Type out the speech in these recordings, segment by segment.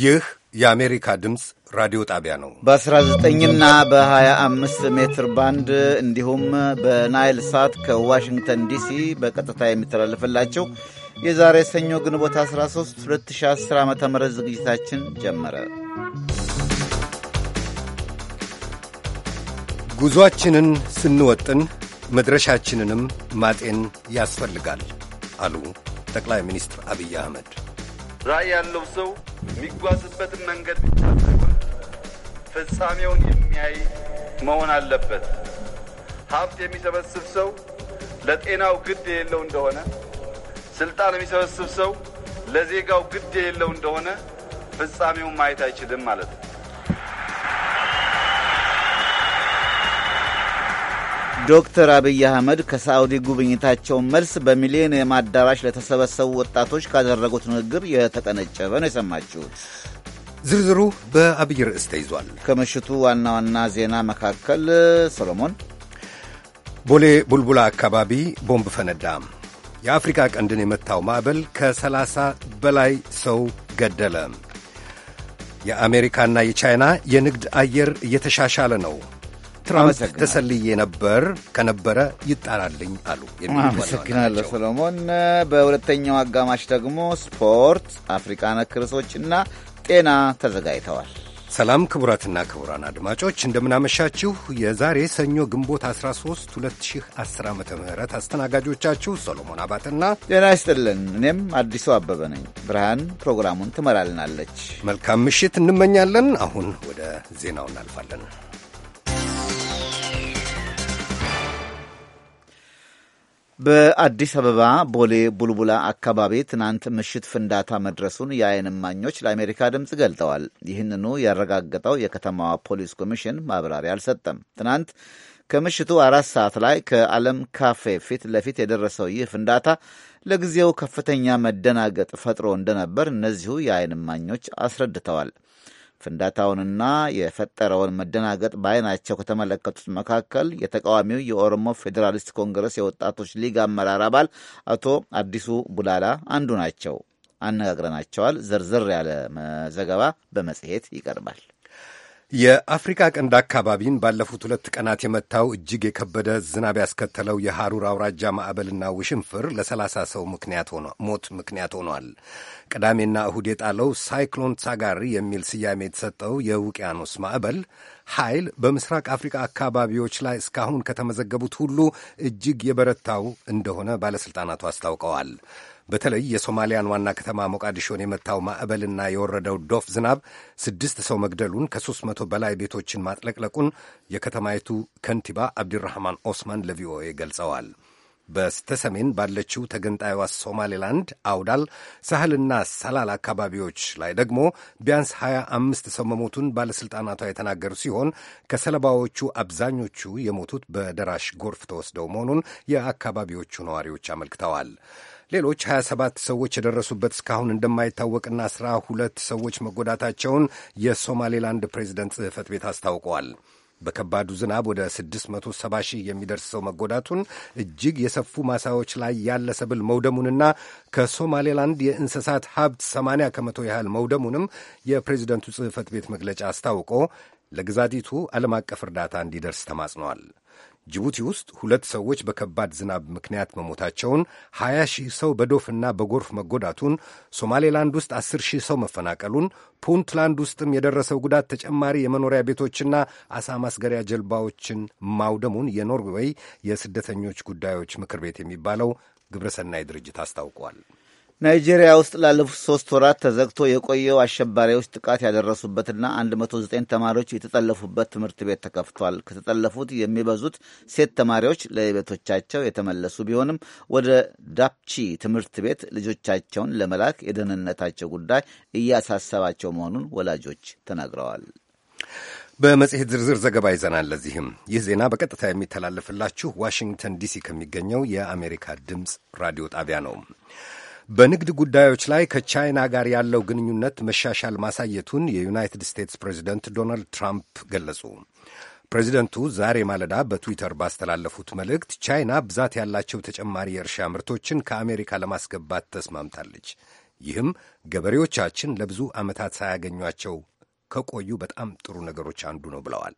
ይህ የአሜሪካ ድምፅ ራዲዮ ጣቢያ ነው። በ19ና በ25 ሜትር ባንድ እንዲሁም በናይል ሳት ከዋሽንግተን ዲሲ በቀጥታ የሚተላለፍላቸው የዛሬ ሰኞ ግንቦት 13 2010 ዓ ም ዝግጅታችን ጀመረ። ጉዞአችንን ስንወጥን መድረሻችንንም ማጤን ያስፈልጋል አሉ ጠቅላይ ሚኒስትር አብይ አህመድ። ራዕይ ያለው ሰው የሚጓዝበትን መንገድ ብቻ ሳይሆን ፍጻሜውን የሚያይ መሆን አለበት። ሀብት የሚሰበስብ ሰው ለጤናው ግድ የሌለው እንደሆነ፣ ስልጣን የሚሰበስብ ሰው ለዜጋው ግድ የሌለው እንደሆነ ፍጻሜውን ማየት አይችልም ማለት ነው። ዶክተር አብይ አህመድ ከሳዑዲ ጉብኝታቸው መልስ በሚሌኒየም አዳራሽ ለተሰበሰቡ ወጣቶች ካደረጉት ንግግር የተቀነጨበ ነው የሰማችሁት። ዝርዝሩ በአብይ ርዕስ ተይዟል። ከምሽቱ ዋና ዋና ዜና መካከል ሰሎሞን፣ ቦሌ ቡልቡላ አካባቢ ቦምብ ፈነዳ። የአፍሪካ ቀንድን የመታው ማዕበል ከ30 በላይ ሰው ገደለ። የአሜሪካና የቻይና የንግድ አየር እየተሻሻለ ነው። ትራምፕ ተሰልዬ ነበር ከነበረ ይጣራልኝ አሉ። አመሰግናለሁ ሰሎሞን። በሁለተኛው አጋማሽ ደግሞ ስፖርት፣ አፍሪካ ነክ ርዕሶችና ጤና ተዘጋጅተዋል። ሰላም ክቡራትና ክቡራን አድማጮች እንደምናመሻችሁ። የዛሬ ሰኞ ግንቦት 13 2010 ዓ ም አስተናጋጆቻችሁ ሰሎሞን አባትና ጤና ይስጥልን። እኔም አዲሱ አበበ ነኝ። ብርሃን ፕሮግራሙን ትመራልናለች። መልካም ምሽት እንመኛለን። አሁን ወደ ዜናው እናልፋለን። በአዲስ አበባ ቦሌ ቡልቡላ አካባቢ ትናንት ምሽት ፍንዳታ መድረሱን የዓይን እማኞች ለአሜሪካ ድምፅ ገልጠዋል። ይህንኑ ያረጋገጠው የከተማዋ ፖሊስ ኮሚሽን ማብራሪያ አልሰጠም። ትናንት ከምሽቱ አራት ሰዓት ላይ ከዓለም ካፌ ፊት ለፊት የደረሰው ይህ ፍንዳታ ለጊዜው ከፍተኛ መደናገጥ ፈጥሮ እንደነበር እነዚሁ የዓይን እማኞች አስረድተዋል። ፍንዳታውንና የፈጠረውን መደናገጥ በአይናቸው ከተመለከቱት መካከል የተቃዋሚው የኦሮሞ ፌዴራሊስት ኮንግረስ የወጣቶች ሊግ አመራር አባል አቶ አዲሱ ቡላላ አንዱ ናቸው። አነጋግረናቸዋል። ዝርዝር ያለ ዘገባ በመጽሔት ይቀርባል። የአፍሪካ ቀንድ አካባቢን ባለፉት ሁለት ቀናት የመታው እጅግ የከበደ ዝናብ ያስከተለው የሐሩር አውራጃ ማዕበልና ውሽንፍር ለሰላሳ ሰው ሞት ምክንያት ሆኗል። ቅዳሜና እሁድ የጣለው ሳይክሎን ሳጋሪ የሚል ስያሜ የተሰጠው የውቅያኖስ ማዕበል ኃይል በምስራቅ አፍሪካ አካባቢዎች ላይ እስካሁን ከተመዘገቡት ሁሉ እጅግ የበረታው እንደሆነ ባለሥልጣናቱ አስታውቀዋል። በተለይ የሶማሊያን ዋና ከተማ ሞቃዲሾን የመታው ማዕበልና የወረደው ዶፍ ዝናብ ስድስት ሰው መግደሉን ከሦስት መቶ በላይ ቤቶችን ማጥለቅለቁን የከተማይቱ ከንቲባ አብዲራህማን ኦስማን ለቪኦኤ ገልጸዋል። በስተ ሰሜን ባለችው ተገንጣይዋ ሶማሌላንድ አውዳል፣ ሳህልና ሰላል አካባቢዎች ላይ ደግሞ ቢያንስ ሃያ አምስት ሰው መሞቱን ባለሥልጣናቷ የተናገሩ ሲሆን ከሰለባዎቹ አብዛኞቹ የሞቱት በደራሽ ጎርፍ ተወስደው መሆኑን የአካባቢዎቹ ነዋሪዎች አመልክተዋል። ሌሎች 27 ሰዎች የደረሱበት እስካሁን እንደማይታወቅና 12 ሁለት ሰዎች መጎዳታቸውን የሶማሌላንድ ፕሬዚደንት ጽህፈት ቤት አስታውቀዋል። በከባዱ ዝናብ ወደ 670 ሺህ የሚደርስ ሰው መጎዳቱን እጅግ የሰፉ ማሳዎች ላይ ያለ ሰብል መውደሙንና ከሶማሌላንድ የእንስሳት ሀብት 80 ከመቶ ያህል መውደሙንም የፕሬዚደንቱ ጽህፈት ቤት መግለጫ አስታውቆ ለግዛቲቱ ዓለም አቀፍ እርዳታ እንዲደርስ ተማጽነዋል። ጅቡቲ ውስጥ ሁለት ሰዎች በከባድ ዝናብ ምክንያት መሞታቸውን፣ 20 ሺህ ሰው በዶፍና በጎርፍ መጎዳቱን፣ ሶማሌላንድ ውስጥ 10 ሺህ ሰው መፈናቀሉን፣ ፑንትላንድ ውስጥም የደረሰው ጉዳት ተጨማሪ የመኖሪያ ቤቶችና አሳ ማስገሪያ ጀልባዎችን ማውደሙን የኖርዌይ የስደተኞች ጉዳዮች ምክር ቤት የሚባለው ግብረሰናይ ድርጅት አስታውቋል። ናይጄሪያ ውስጥ ላለፉት ሶስት ወራት ተዘግቶ የቆየው አሸባሪዎች ጥቃት ያደረሱበትና 109 ተማሪዎች የተጠለፉበት ትምህርት ቤት ተከፍቷል። ከተጠለፉት የሚበዙት ሴት ተማሪዎች ለቤቶቻቸው የተመለሱ ቢሆንም ወደ ዳፕቺ ትምህርት ቤት ልጆቻቸውን ለመላክ የደህንነታቸው ጉዳይ እያሳሰባቸው መሆኑን ወላጆች ተናግረዋል። በመጽሔት ዝርዝር ዘገባ ይዘናል። ለዚህም ይህ ዜና በቀጥታ የሚተላለፍላችሁ ዋሽንግተን ዲሲ ከሚገኘው የአሜሪካ ድምፅ ራዲዮ ጣቢያ ነው። በንግድ ጉዳዮች ላይ ከቻይና ጋር ያለው ግንኙነት መሻሻል ማሳየቱን የዩናይትድ ስቴትስ ፕሬዚደንት ዶናልድ ትራምፕ ገለጹ። ፕሬዚደንቱ ዛሬ ማለዳ በትዊተር ባስተላለፉት መልእክት ቻይና ብዛት ያላቸው ተጨማሪ የእርሻ ምርቶችን ከአሜሪካ ለማስገባት ተስማምታለች። ይህም ገበሬዎቻችን ለብዙ ዓመታት ሳያገኟቸው ከቆዩ በጣም ጥሩ ነገሮች አንዱ ነው ብለዋል።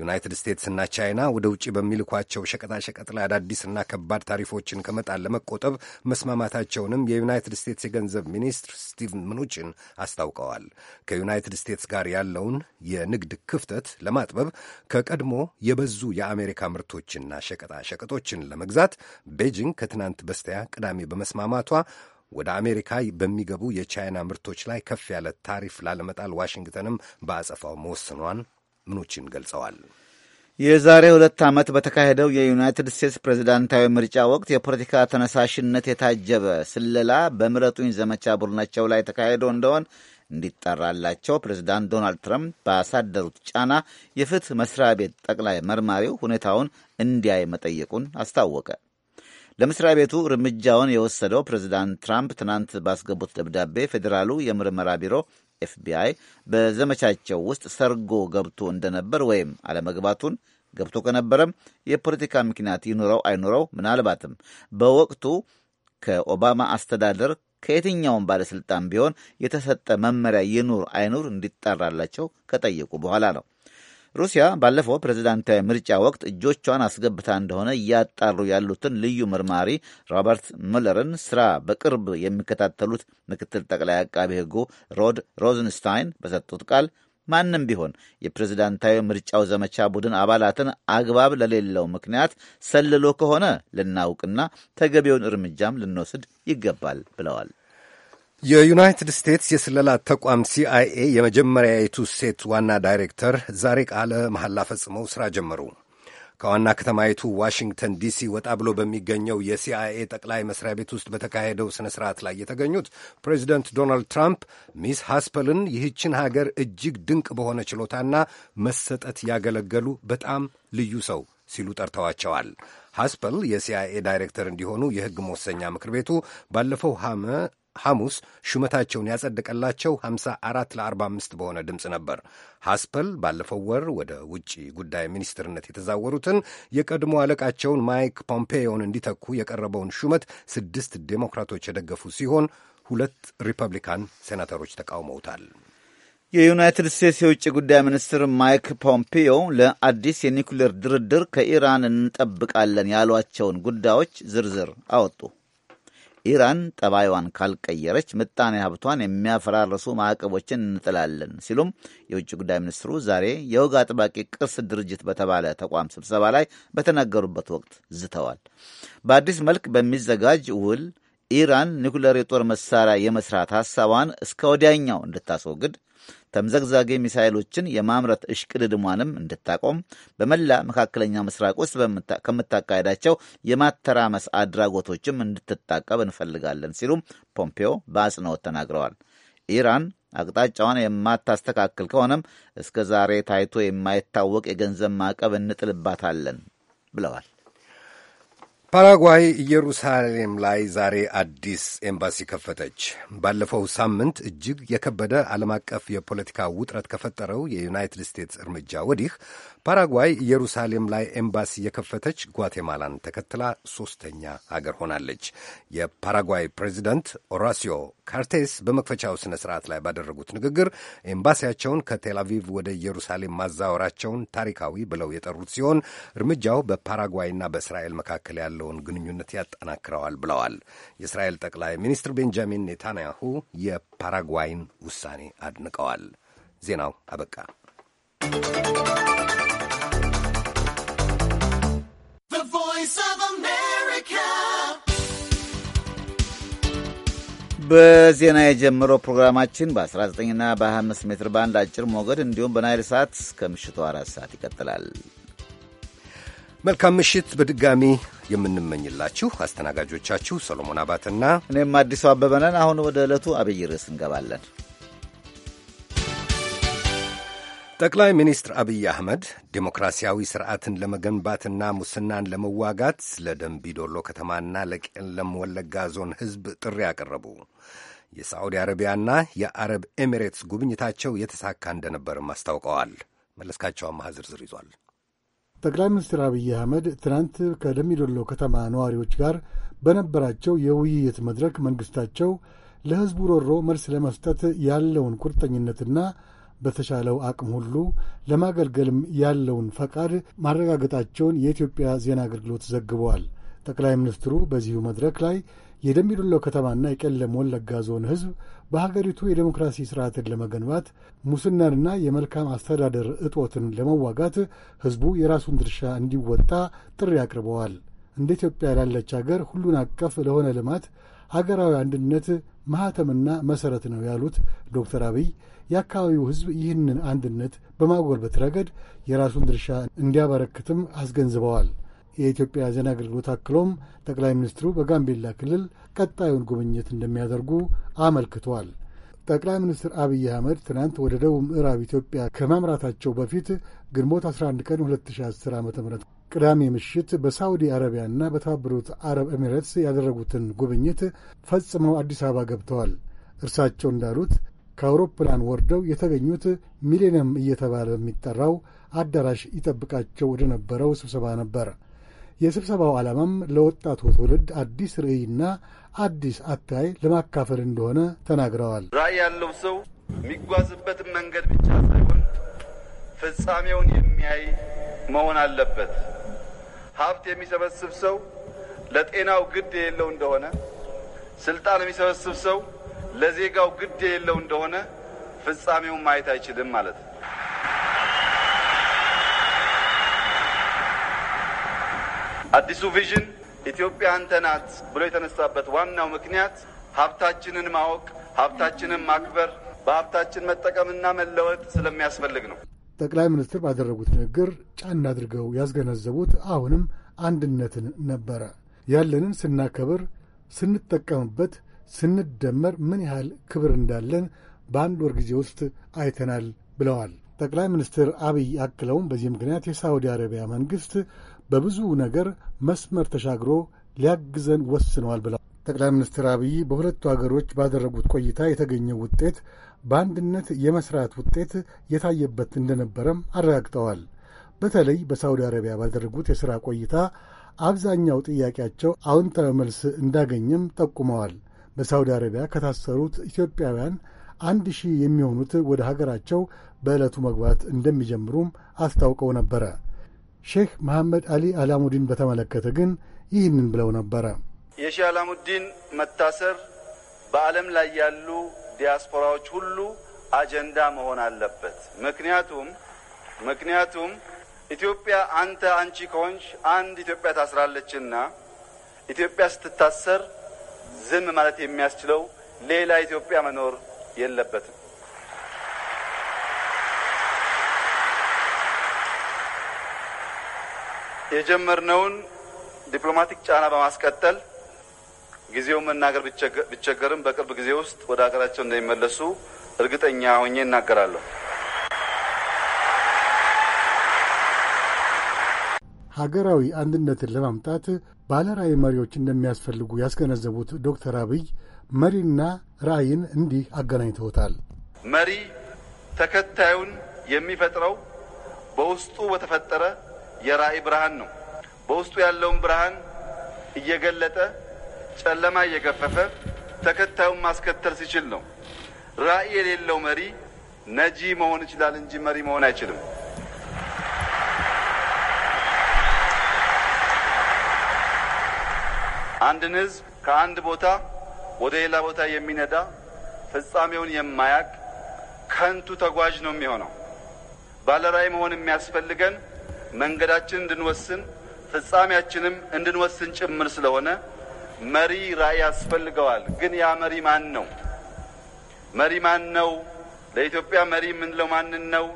ዩናይትድ ስቴትስና ቻይና ወደ ውጭ በሚልኳቸው ሸቀጣሸቀጥ ላይ አዳዲስና ከባድ ታሪፎችን ከመጣል ለመቆጠብ መስማማታቸውንም የዩናይትድ ስቴትስ የገንዘብ ሚኒስትር ስቲቭን ምኑችን አስታውቀዋል። ከዩናይትድ ስቴትስ ጋር ያለውን የንግድ ክፍተት ለማጥበብ ከቀድሞ የበዙ የአሜሪካ ምርቶችና ሸቀጣሸቀጦችን ለመግዛት ቤጂንግ ከትናንት በስቲያ ቅዳሜ በመስማማቷ ወደ አሜሪካ በሚገቡ የቻይና ምርቶች ላይ ከፍ ያለ ታሪፍ ላለመጣል ዋሽንግተንም በአጸፋው መወስኗን ምኖችን ገልጸዋል። የዛሬ ሁለት ዓመት በተካሄደው የዩናይትድ ስቴትስ ፕሬዝዳንታዊ ምርጫ ወቅት የፖለቲካ ተነሳሽነት የታጀበ ስለላ በምረጡኝ ዘመቻ ቡድናቸው ላይ ተካሂዶ እንደሆን እንዲጠራላቸው ፕሬዝዳንት ዶናልድ ትራምፕ ባሳደሩት ጫና የፍትህ መስሪያ ቤት ጠቅላይ መርማሪው ሁኔታውን እንዲያይ መጠየቁን አስታወቀ። ለመስሪያ ቤቱ እርምጃውን የወሰደው ፕሬዚዳንት ትራምፕ ትናንት ባስገቡት ደብዳቤ ፌዴራሉ የምርመራ ቢሮ ኤፍቢአይ በዘመቻቸው ውስጥ ሰርጎ ገብቶ እንደነበር ወይም አለመግባቱን ገብቶ ከነበረም የፖለቲካ ምክንያት ይኑረው አይኑረው ምናልባትም በወቅቱ ከኦባማ አስተዳደር ከየትኛውም ባለሥልጣን ቢሆን የተሰጠ መመሪያ ይኑር አይኑር እንዲጣራላቸው ከጠየቁ በኋላ ነው። ሩሲያ ባለፈው ፕሬዚዳንታዊ ምርጫ ወቅት እጆቿን አስገብታ እንደሆነ እያጣሩ ያሉትን ልዩ መርማሪ ሮበርት ሙለርን ስራ በቅርብ የሚከታተሉት ምክትል ጠቅላይ አቃቢ ሕጉ ሮድ ሮዝንስታይን በሰጡት ቃል ማንም ቢሆን የፕሬዝዳንታዊ ምርጫው ዘመቻ ቡድን አባላትን አግባብ ለሌለው ምክንያት ሰልሎ ከሆነ ልናውቅና ተገቢውን እርምጃም ልንወስድ ይገባል ብለዋል። የዩናይትድ ስቴትስ የስለላ ተቋም ሲአይኤ የመጀመሪያዪቱ ሴት ዋና ዳይሬክተር ዛሬ ቃለ መሐላ ፈጽመው ሥራ ጀመሩ። ከዋና ከተማይቱ ዋሽንግተን ዲሲ ወጣ ብሎ በሚገኘው የሲአይኤ ጠቅላይ መስሪያ ቤት ውስጥ በተካሄደው ሥነ ሥርዓት ላይ የተገኙት ፕሬዚደንት ዶናልድ ትራምፕ ሚስ ሃስፐልን ይህችን ሀገር እጅግ ድንቅ በሆነ ችሎታና መሰጠት ያገለገሉ በጣም ልዩ ሰው ሲሉ ጠርተዋቸዋል። ሃስፐል የሲአይኤ ዳይሬክተር እንዲሆኑ የሕግ መወሰኛ ምክር ቤቱ ባለፈው ሐሙስ ሹመታቸውን ያጸደቀላቸው 54 ለ45 በሆነ ድምፅ ነበር። ሐስፐል ባለፈው ወር ወደ ውጭ ጉዳይ ሚኒስትርነት የተዛወሩትን የቀድሞ አለቃቸውን ማይክ ፖምፔዮን እንዲተኩ የቀረበውን ሹመት ስድስት ዴሞክራቶች የደገፉ ሲሆን ሁለት ሪፐብሊካን ሴናተሮች ተቃውመውታል። የዩናይትድ ስቴትስ የውጭ ጉዳይ ሚኒስትር ማይክ ፖምፒዮ ለአዲስ የኒውክሌር ድርድር ከኢራን እንጠብቃለን ያሏቸውን ጉዳዮች ዝርዝር አወጡ። ኢራን ጠባይዋን ካልቀየረች ምጣኔ ሀብቷን የሚያፈራርሱ ማዕቀቦችን እንጥላለን ሲሉም የውጭ ጉዳይ ሚኒስትሩ ዛሬ የወግ አጥባቂ ቅርስ ድርጅት በተባለ ተቋም ስብሰባ ላይ በተናገሩበት ወቅት ዝተዋል። በአዲስ መልክ በሚዘጋጅ ውል ኢራን ኒኩሌር የጦር መሳሪያ የመስራት ሀሳቧን እስከ ወዲያኛው እንድታስወግድ ተምዘግዛጊ ሚሳይሎችን የማምረት እሽቅድድሟንም እንድታቆም በመላ መካከለኛ ምስራቅ ውስጥ ከምታካሄዳቸው የማተራመስ አድራጎቶችም እንድትታቀብ እንፈልጋለን ሲሉም ፖምፒዮ በአጽንኦት ተናግረዋል። ኢራን አቅጣጫዋን የማታስተካክል ከሆነም እስከ ዛሬ ታይቶ የማይታወቅ የገንዘብ ማዕቀብ እንጥልባታለን ብለዋል። ፓራጓይ ኢየሩሳሌም ላይ ዛሬ አዲስ ኤምባሲ ከፈተች። ባለፈው ሳምንት እጅግ የከበደ ዓለም አቀፍ የፖለቲካ ውጥረት ከፈጠረው የዩናይትድ ስቴትስ እርምጃ ወዲህ ፓራጓይ ኢየሩሳሌም ላይ ኤምባሲ የከፈተች ጓቴማላን ተከትላ ሦስተኛ አገር ሆናለች። የፓራጓይ ፕሬዚደንት ኦራሲዮ ካርቴስ በመክፈቻው ሥነ ሥርዓት ላይ ባደረጉት ንግግር ኤምባሲያቸውን አቪቭ ወደ ኢየሩሳሌም ማዛወራቸውን ታሪካዊ ብለው የጠሩት ሲሆን እርምጃው በፓራጓይና በእስራኤል መካከል ያለውን ግንኙነት ያጠናክረዋል ብለዋል። የእስራኤል ጠቅላይ ሚኒስትር ቤንጃሚን ኔታንያሁ የፓራጓይን ውሳኔ አድንቀዋል። ዜናው አበቃ። በዜና የጀመረው ፕሮግራማችን በ19ና በ25 ሜትር ባንድ አጭር ሞገድ እንዲሁም በናይል ሰዓት ከምሽቱ አራት ሰዓት ይቀጥላል። መልካም ምሽት በድጋሚ የምንመኝላችሁ አስተናጋጆቻችሁ ሰሎሞን አባትና እኔም አዲሱ አበበ ነን። አሁን ወደ ዕለቱ አብይ ርዕስ እንገባለን። ጠቅላይ ሚኒስትር አብይ አህመድ ዴሞክራሲያዊ ስርዓትን ለመገንባትና ሙስናን ለመዋጋት ዶሎ ከተማና ለቄለም ወለጋ ዞን ህዝብ ጥሪ አቀረቡ። የሳዑዲ አረቢያና የአረብ ኤሚሬትስ ጉብኝታቸው የተሳካ እንደነበርም አስታውቀዋል። መለስካቸው አማሃ ዝርዝር ይዟል። ጠቅላይ ሚኒስትር አብይ አህመድ ትናንት ከደምቢዶሎ ከተማ ነዋሪዎች ጋር በነበራቸው የውይይት መድረክ መንግሥታቸው ለሕዝቡ ሮሮ መልስ ለመስጠት ያለውን ቁርጠኝነትና በተሻለው አቅም ሁሉ ለማገልገልም ያለውን ፈቃድ ማረጋገጣቸውን የኢትዮጵያ ዜና አገልግሎት ዘግበዋል። ጠቅላይ ሚኒስትሩ በዚሁ መድረክ ላይ የደምቢዶሎ ከተማና የቄለም ወለጋ ዞን ሕዝብ በሀገሪቱ የዴሞክራሲ ስርዓትን ለመገንባት ሙስናንና የመልካም አስተዳደር እጦትን ለመዋጋት ሕዝቡ የራሱን ድርሻ እንዲወጣ ጥሪ አቅርበዋል። እንደ ኢትዮጵያ ላለች አገር ሁሉን አቀፍ ለሆነ ልማት ሀገራዊ አንድነት ማኅተምና መሠረት ነው ያሉት ዶክተር አብይ የአካባቢው ሕዝብ ይህንን አንድነት በማጎልበት ረገድ የራሱን ድርሻ እንዲያበረክትም አስገንዝበዋል። የኢትዮጵያ ዜና አገልግሎት አክሎም ጠቅላይ ሚኒስትሩ በጋምቤላ ክልል ቀጣዩን ጉብኝት እንደሚያደርጉ አመልክቷል። ጠቅላይ ሚኒስትር አብይ አህመድ ትናንት ወደ ደቡብ ምዕራብ ኢትዮጵያ ከማምራታቸው በፊት ግንቦት 11 ቀን 2010 ዓ ም ቅዳሜ ምሽት በሳዑዲ አረቢያና በተባበሩት አረብ ኤሚሬትስ ያደረጉትን ጉብኝት ፈጽመው አዲስ አበባ ገብተዋል። እርሳቸው እንዳሉት ከአውሮፕላን ወርደው የተገኙት ሚሌኒየም እየተባለ በሚጠራው አዳራሽ ይጠብቃቸው ወደ ነበረው ስብሰባ ነበር። የስብሰባው ዓላማም ለወጣቱ ትውልድ አዲስ ርዕይና አዲስ አታይ ለማካፈል እንደሆነ ተናግረዋል። ራዕይ ያለው ሰው የሚጓዝበትን መንገድ ብቻ ሳይሆን ፍጻሜውን የሚያይ መሆን አለበት። ሀብት የሚሰበስብ ሰው ለጤናው ግድ የሌለው እንደሆነ፣ ስልጣን የሚሰበስብ ሰው ለዜጋው ግድ የሌለው እንደሆነ ፍጻሜውን ማየት አይችልም ማለት ነው። አዲሱ ቪዥን ኢትዮጵያ አንተ ናት ብሎ የተነሳበት ዋናው ምክንያት ሀብታችንን ማወቅ፣ ሀብታችንን ማክበር፣ በሀብታችን መጠቀምና መለወጥ ስለሚያስፈልግ ነው። ጠቅላይ ሚኒስትር ባደረጉት ንግግር ጫና አድርገው ያስገነዘቡት አሁንም አንድነትን ነበረ። ያለንን ስናከብር፣ ስንጠቀምበት፣ ስንደመር ምን ያህል ክብር እንዳለን በአንድ ወር ጊዜ ውስጥ አይተናል ብለዋል። ጠቅላይ ሚኒስትር አብይ አክለውም በዚህ ምክንያት የሳዑዲ አረቢያ መንግሥት በብዙ ነገር መስመር ተሻግሮ ሊያግዘን ወስነዋል ብለዋል። ጠቅላይ ሚኒስትር አብይ በሁለቱ አገሮች ባደረጉት ቆይታ የተገኘው ውጤት በአንድነት የመስራት ውጤት የታየበት እንደነበረም አረጋግጠዋል። በተለይ በሳዑዲ አረቢያ ባደረጉት የሥራ ቆይታ አብዛኛው ጥያቄያቸው አዎንታዊ መልስ እንዳገኘም ጠቁመዋል። በሳውዲ አረቢያ ከታሰሩት ኢትዮጵያውያን አንድ ሺህ የሚሆኑት ወደ ሀገራቸው በዕለቱ መግባት እንደሚጀምሩም አስታውቀው ነበረ። ሼህ መሐመድ አሊ አላሙዲን በተመለከተ ግን ይህንን ብለው ነበረ። የሼህ አላሙዲን መታሰር በዓለም ላይ ያሉ ዲያስፖራዎች ሁሉ አጀንዳ መሆን አለበት። ምክንያቱም ምክንያቱም ኢትዮጵያ አንተ አንቺ ከሆንሽ አንድ ኢትዮጵያ ታስራለችና ኢትዮጵያ ስትታሰር ዝም ማለት የሚያስችለው ሌላ ኢትዮጵያ መኖር የለበትም። የጀመርነውን ዲፕሎማቲክ ጫና በማስቀጠል ጊዜውን መናገር ቢቸገርም በቅርብ ጊዜ ውስጥ ወደ ሀገራቸው እንደሚመለሱ እርግጠኛ ሆኜ እናገራለሁ። ሀገራዊ አንድነትን ለማምጣት ባለ ራእይ መሪዎች እንደሚያስፈልጉ ያስገነዘቡት ዶክተር አብይ መሪና ራዕይን እንዲህ አገናኝተውታል። መሪ ተከታዩን የሚፈጥረው በውስጡ በተፈጠረ የራዕይ ብርሃን ነው። በውስጡ ያለውን ብርሃን እየገለጠ ጨለማ እየገፈፈ ተከታዩን ማስከተል ሲችል ነው። ራእይ የሌለው መሪ ነጂ መሆን ይችላል እንጂ መሪ መሆን አይችልም። አንድን ህዝብ ከአንድ ቦታ ወደ ሌላ ቦታ የሚነዳ ፍጻሜውን የማያቅ ከንቱ ተጓዥ ነው የሚሆነው። ባለራዕይ መሆን የሚያስፈልገን መንገዳችን እንድንወስን ፍጻሜያችንም እንድንወስን ጭምር ስለሆነ መሪ ራዕይ ያስፈልገዋል። ግን ያ መሪ ማን ነው? መሪ ማን ነው? ለኢትዮጵያ መሪ የምንለው ማንን ነው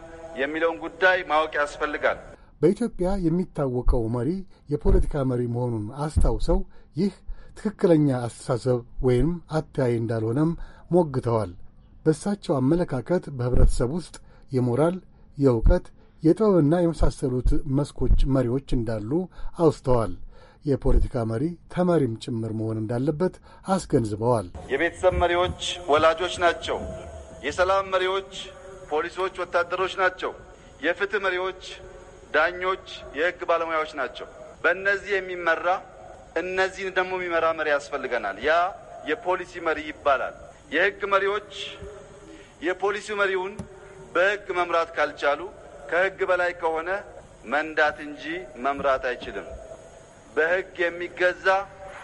የሚለውን ጉዳይ ማወቅ ያስፈልጋል። በኢትዮጵያ የሚታወቀው መሪ የፖለቲካ መሪ መሆኑን አስታውሰው ይህ ትክክለኛ አስተሳሰብ ወይም አተያይ እንዳልሆነም ሞግተዋል። በእሳቸው አመለካከት በህብረተሰብ ውስጥ የሞራል የእውቀት፣ የጥበብና የመሳሰሉት መስኮች መሪዎች እንዳሉ አውስተዋል። የፖለቲካ መሪ ተመሪም ጭምር መሆን እንዳለበት አስገንዝበዋል። የቤተሰብ መሪዎች ወላጆች ናቸው። የሰላም መሪዎች ፖሊሶች፣ ወታደሮች ናቸው። የፍትህ መሪዎች ዳኞች፣ የህግ ባለሙያዎች ናቸው። በእነዚህ የሚመራ እነዚህን ደግሞ የሚመራ መሪ ያስፈልገናል። ያ የፖሊሲ መሪ ይባላል። የህግ መሪዎች የፖሊሲ መሪውን በህግ መምራት ካልቻሉ ከህግ በላይ ከሆነ መንዳት እንጂ መምራት አይችልም። በህግ የሚገዛ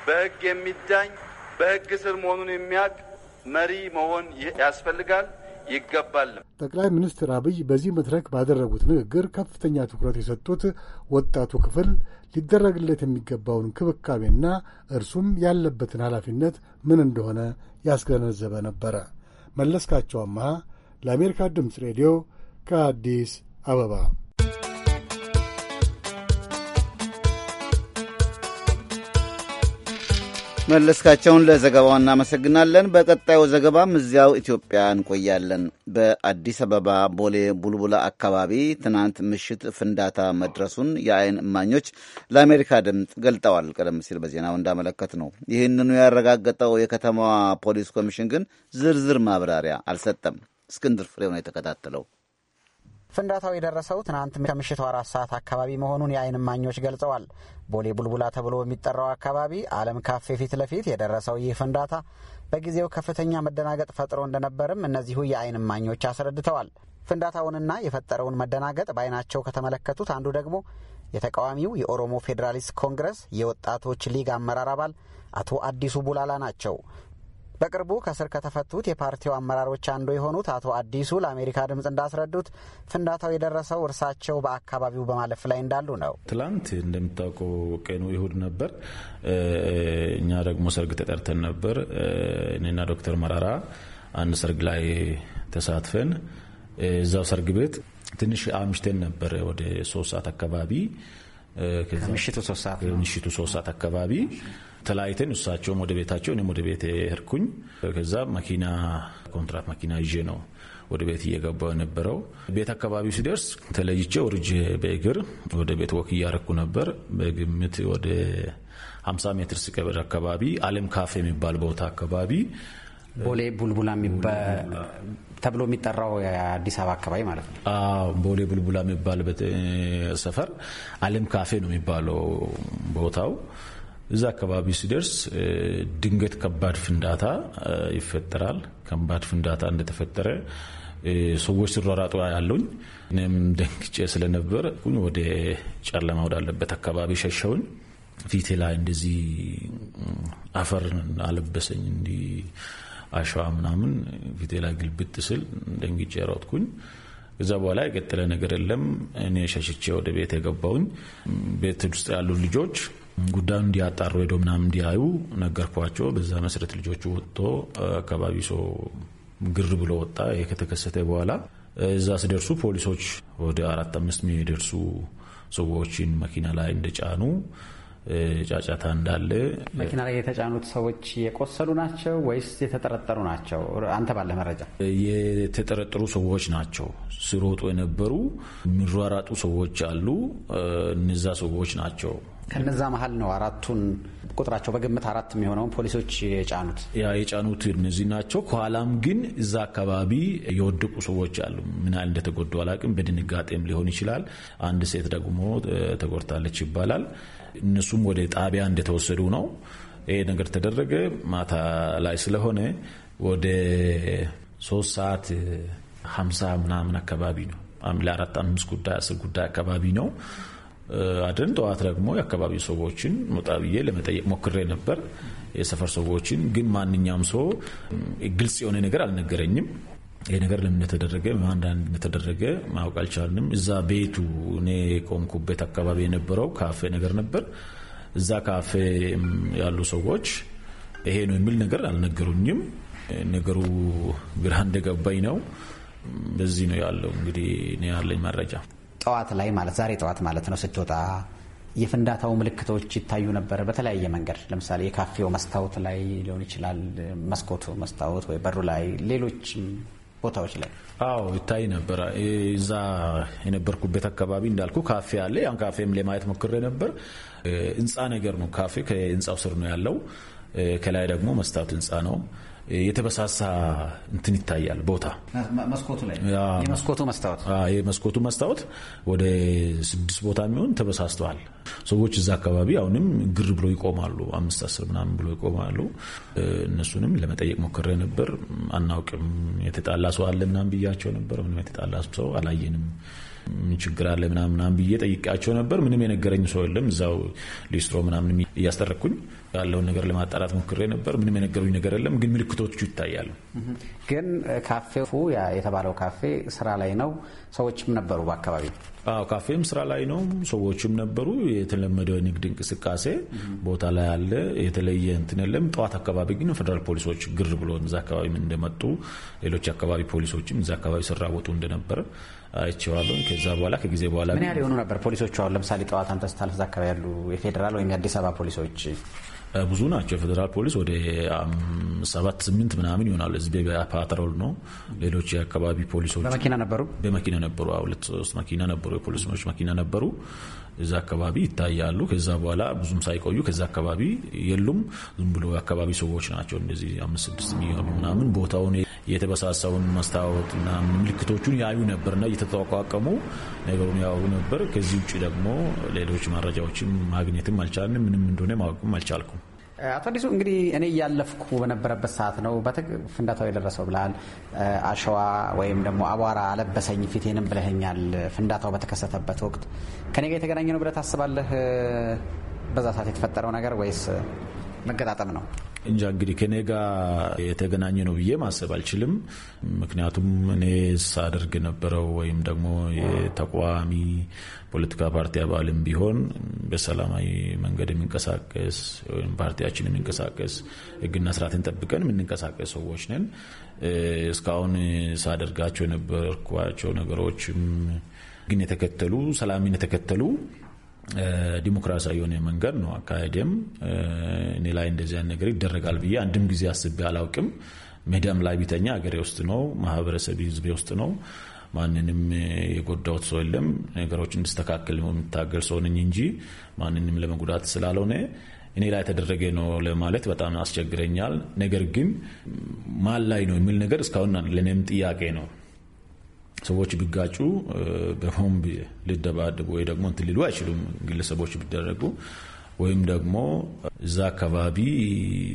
በህግ የሚዳኝ በህግ ስር መሆኑን የሚያውቅ መሪ መሆን ያስፈልጋል ይገባልም። ጠቅላይ ሚኒስትር አብይ በዚህ መድረክ ባደረጉት ንግግር ከፍተኛ ትኩረት የሰጡት ወጣቱ ክፍል ሊደረግለት የሚገባውን ክብካቤና እርሱም ያለበትን ኃላፊነት ምን እንደሆነ ያስገነዘበ ነበረ። መለስካቸው አመሃ ለአሜሪካ ድምፅ ሬዲዮ ከአዲስ አበባ መለስካቸውን ለዘገባው እናመሰግናለን። በቀጣዩ ዘገባም እዚያው ኢትዮጵያ እንቆያለን። በአዲስ አበባ ቦሌ ቡልቡላ አካባቢ ትናንት ምሽት ፍንዳታ መድረሱን የአይን እማኞች ለአሜሪካ ድምፅ ገልጠዋል። ቀደም ሲል በዜናው እንዳመለከት ነው። ይህንኑ ያረጋገጠው የከተማዋ ፖሊስ ኮሚሽን ግን ዝርዝር ማብራሪያ አልሰጠም። እስክንድር ፍሬው ነው የተከታተለው። ፍንዳታው የደረሰው ትናንት ከምሽቱ አራት ሰዓት አካባቢ መሆኑን የአይን እማኞች ገልጸዋል። ቦሌ ቡልቡላ ተብሎ በሚጠራው አካባቢ አለም ካፌ ፊት ለፊት የደረሰው ይህ ፍንዳታ በጊዜው ከፍተኛ መደናገጥ ፈጥሮ እንደነበርም እነዚሁ የአይን እማኞች አስረድተዋል። ፍንዳታውንና የፈጠረውን መደናገጥ በአይናቸው ከተመለከቱት አንዱ ደግሞ የተቃዋሚው የኦሮሞ ፌዴራሊስት ኮንግረስ የወጣቶች ሊግ አመራር አባል አቶ አዲሱ ቡላላ ናቸው። በቅርቡ ከስር ከተፈቱት የፓርቲው አመራሮች አንዱ የሆኑት አቶ አዲሱ ለአሜሪካ ድምፅ እንዳስረዱት ፍንዳታው የደረሰው እርሳቸው በአካባቢው በማለፍ ላይ እንዳሉ ነው። ትላንት እንደምታውቀው ቀኑ ይሁድ ነበር። እኛ ደግሞ ሰርግ ተጠርተን ነበር። እኔና ዶክተር መራራ አንድ ሰርግ ላይ ተሳትፈን እዛው ሰርግ ቤት ትንሽ አምሽተን ነበር ወደ ሶስት ሰዓት አካባቢ ምሽቱ ሶስት ሰዓት አካባቢ ተለያይተን እሳቸውም ወደ ቤታቸው እኔም ወደ ቤት ሄድኩኝ። ከዛ መኪና ኮንትራት መኪና ይዤ ነው ወደ ቤት እየገባው የነበረው። ቤት አካባቢ ሲደርስ ተለይቼ ወርጄ በእግር ወደ ቤት ወክ እያረኩ ነበር። በግምት ወደ 50 ሜትር ሲቀበር አካባቢ አለም ካፌ የሚባል ቦታ አካባቢ ቦሌ ቡልቡላ ተብሎ የሚጠራው የአዲስ አበባ አካባቢ ማለት ነው። ቦሌ ቡልቡላ የሚባልበት ሰፈር አለም ካፌ ነው የሚባለው ቦታው። እዛ አካባቢ ሲደርስ ድንገት ከባድ ፍንዳታ ይፈጠራል። ከባድ ፍንዳታ እንደተፈጠረ ሰዎች ሲሯራጡ ያለውኝ እኔም ደንግጬ ስለነበር ወደ ጨለማ ወዳለበት አካባቢ ሸሸውኝ። ፊቴ ላይ እንደዚህ አፈር አለበሰኝ እንዲህ አሸዋ ምናምን ፊቴ ላይ ግልብጥ ስል ደንግጬ ሮጥኩኝ። እዛ በኋላ የቀጠለ ነገር የለም። እኔ ሸሽቼ ወደ ቤት የገባውኝ ቤት ውስጥ ያሉ ልጆች ጉዳዩ እንዲያጣሩ ሄዶ ምናምን እንዲያዩ ነገርኳቸው። በዛ መሰረት ልጆቹ ወጥቶ አካባቢ ሰው ግር ብሎ ወጣ። ይሄ ከተከሰተ በኋላ እዛ ስደርሱ ፖሊሶች ወደ አራት አምስት የሚደርሱ ሰዎችን መኪና ላይ እንደጫኑ ጫጫታ እንዳለ መኪና ላይ የተጫኑት ሰዎች የቆሰሉ ናቸው ወይስ የተጠረጠሩ ናቸው? አንተ ባለ መረጃ የተጠረጠሩ ሰዎች ናቸው። ሲሮጡ የነበሩ የሚሯራጡ ሰዎች አሉ። እነዛ ሰዎች ናቸው። ከነዛ መሀል ነው አራቱን ቁጥራቸው በግምት አራት የሚሆነውን ፖሊሶች የጫኑት ያ የጫኑት እነዚህ ናቸው። ከኋላም ግን እዛ አካባቢ የወደቁ ሰዎች አሉ። ምን ያህል እንደተጎዱ አላቅም። በድንጋጤም ሊሆን ይችላል። አንድ ሴት ደግሞ ተጎድታለች ይባላል። እነሱም ወደ ጣቢያ እንደተወሰዱ ነው። ይሄ ነገር ተደረገ ማታ ላይ ስለሆነ ወደ ሶስት ሰዓት ሀምሳ ምናምን አካባቢ ነው ለአራት አምስት ጉዳይ አስር ጉዳይ አካባቢ ነው አድን ጠዋት ደግሞ የአካባቢው ሰዎችን ሞጣ ብዬ ለመጠየቅ ሞክሬ ነበር። የሰፈር ሰዎችን ግን ማንኛውም ሰው ግልጽ የሆነ ነገር አልነገረኝም። ይሄ ነገር ለምን እንደተደረገ በማንዳንድ እንደተደረገ ማወቅ አልቻልንም። እዛ ቤቱ እኔ ቆምኩበት አካባቢ የነበረው ካፌ ነገር ነበር። እዛ ካፌ ያሉ ሰዎች ይሄ ነው የሚል ነገር አልነገሩኝም። ነገሩ ግራ እንደገባኝ ነው። በዚህ ነው ያለው እንግዲህ ያለኝ መረጃ። ጠዋት ላይ ማለት ዛሬ ጠዋት ማለት ነው ስትወጣ የፍንዳታው ምልክቶች ይታዩ ነበር በተለያየ መንገድ። ለምሳሌ የካፌው መስታወት ላይ ሊሆን ይችላል፣ መስኮቱ መስታወት ወይ በሩ ላይ ሌሎች ቦታዎች ላይ? አዎ ይታይ ነበር። እዛ የነበርኩበት አካባቢ እንዳልኩ ካፌ አለ። ያን ካፌም ለማየት ሞክሬ ነበር። ህንፃ ነገር ነው። ካፌ ከህንፃው ስር ነው ያለው። ከላይ ደግሞ መስታወት ህንፃ ነው። የተበሳሳ እንትን ይታያል። ቦታ መስኮቱ ላይ የመስኮቱ መስታወት የመስኮቱ መስታወት ወደ ስድስት ቦታ የሚሆን ተበሳስተዋል። ሰዎች እዛ አካባቢ አሁንም ግር ብሎ ይቆማሉ። አምስት አስር ምናምን ብሎ ይቆማሉ። እነሱንም ለመጠየቅ ሞክሬ ነበር። አናውቅም የተጣላ ሰው አለ ምናምን ብያቸው ነበር። ምንም የተጣላ ሰው አላየንም ምን ችግር አለ ምናምናም ብዬ ጠይቄያቸው ነበር። ምንም የነገረኝ ሰው የለም። እዛው ሊስትሮ ምናምን እያስጠረኩኝ ያለውን ነገር ለማጣራት ሞክሬ ነበር። ምንም የነገሩኝ ነገር የለም። ግን ምልክቶቹ ይታያሉ። ግን ካፌ የተባለው ካፌ ስራ ላይ ነው። ሰዎችም ነበሩ በአካባቢ አዎ ካፌም ስራ ላይ ነው። ሰዎችም ነበሩ። የተለመደው ንግድ እንቅስቃሴ ቦታ ላይ አለ። የተለየ እንትን የለም። ጠዋት አካባቢ ግን ፌደራል ፖሊሶች ግር ብሎ እዛ አካባቢ እንደመጡ ሌሎች አካባቢ ፖሊሶችም እዛ አካባቢ ስራ ቦቱ እንደነበረ አይቼዋለሁ። ከዛ በኋላ ከጊዜ በኋላ ምን ያህል የሆኑ ነበር ፖሊሶቹ? አሁን ለምሳሌ ጠዋት አንተ ስታልፍ አካባቢ ያሉ የፌዴራል ወይም የአዲስ አበባ ፖሊሶች ብዙ ናቸው። የፌዴራል ፖሊስ ወደ ሰባት ስምንት ምናምን ይሆናሉ። እዚህ በፓትሮል ነው። ሌሎች የአካባቢ ፖሊሶች በመኪና ነበሩ፣ በመኪና ነበሩ። ሁለት ሶስት መኪና ነበሩ፣ የፖሊሶች መኪና ነበሩ። እዛ አካባቢ ይታያሉ። ከዛ በኋላ ብዙም ሳይቆዩ ከዛ አካባቢ የሉም። ዝም ብሎ አካባቢ ሰዎች ናቸው እንደዚህ አምስት ስድስት የሚሆኑ ምናምን ቦታውን የተበሳሰውን መስታወትና ምልክቶቹን ያዩ ነበርና እየተጠቋቀሙ ነገሩን ያወሩ ነበር። ከዚህ ውጭ ደግሞ ሌሎች መረጃዎችን ማግኘትም አልቻለም። ምንም እንደሆነ ማወቅም አልቻልኩም። አቶ አዲሱ እንግዲህ እኔ እያለፍኩ በነበረበት ሰዓት ነው ፍንዳታው የደረሰው ብለሃል። አሸዋ ወይም ደግሞ አቧራ አለበሰኝ ፊቴንም ብለኸኛል። ፍንዳታው በተከሰተበት ወቅት ከኔ ጋር የተገናኘ ነው ብለህ ታስባለህ በዛ ሰዓት የተፈጠረው ነገር ወይስ መገጣጠም ነው እንጃ እንግዲህ ከኔ ጋር የተገናኘ ነው ብዬ ማሰብ አልችልም። ምክንያቱም እኔ ሳደርግ የነበረው ወይም ደግሞ የተቃዋሚ ፖለቲካ ፓርቲ አባልም ቢሆን በሰላማዊ መንገድ የሚንቀሳቀስ ወይም ፓርቲያችን የሚንቀሳቀስ ሕግና ስርዓትን ጠብቀን የምንንቀሳቀስ ሰዎች ነን። እስካሁን ሳደርጋቸው የነበርኳቸው ነገሮችም ግን የተከተሉ ሰላምን የተከተሉ ዲሞክራሲያዊ የሆነ መንገድ ነው። አካሄድም እኔ ላይ እንደዚያ ነገር ይደረጋል ብዬ አንድም ጊዜ አስቤ አላውቅም። ሜዳም ላይ ቢተኛ ሀገሬ ውስጥ ነው፣ ማህበረሰብ ህዝቤ ውስጥ ነው። ማንንም የጎዳሁት ሰው የለም። ነገሮች እንዲስተካከል የምታገል ሰው ነኝ እንጂ ማንንም ለመጉዳት ስላልሆነ እኔ ላይ የተደረገ ነው ለማለት በጣም አስቸግረኛል። ነገር ግን ማን ላይ ነው የሚል ነገር እስካሁን ለእኔም ጥያቄ ነው። ሰዎች ቢጋጩ በቦምብ ሊደባደቡ ወይ ደግሞ እንትን ሊሉ አይችሉም። ግለሰቦች ቢደረጉ ወይም ደግሞ እዛ አካባቢ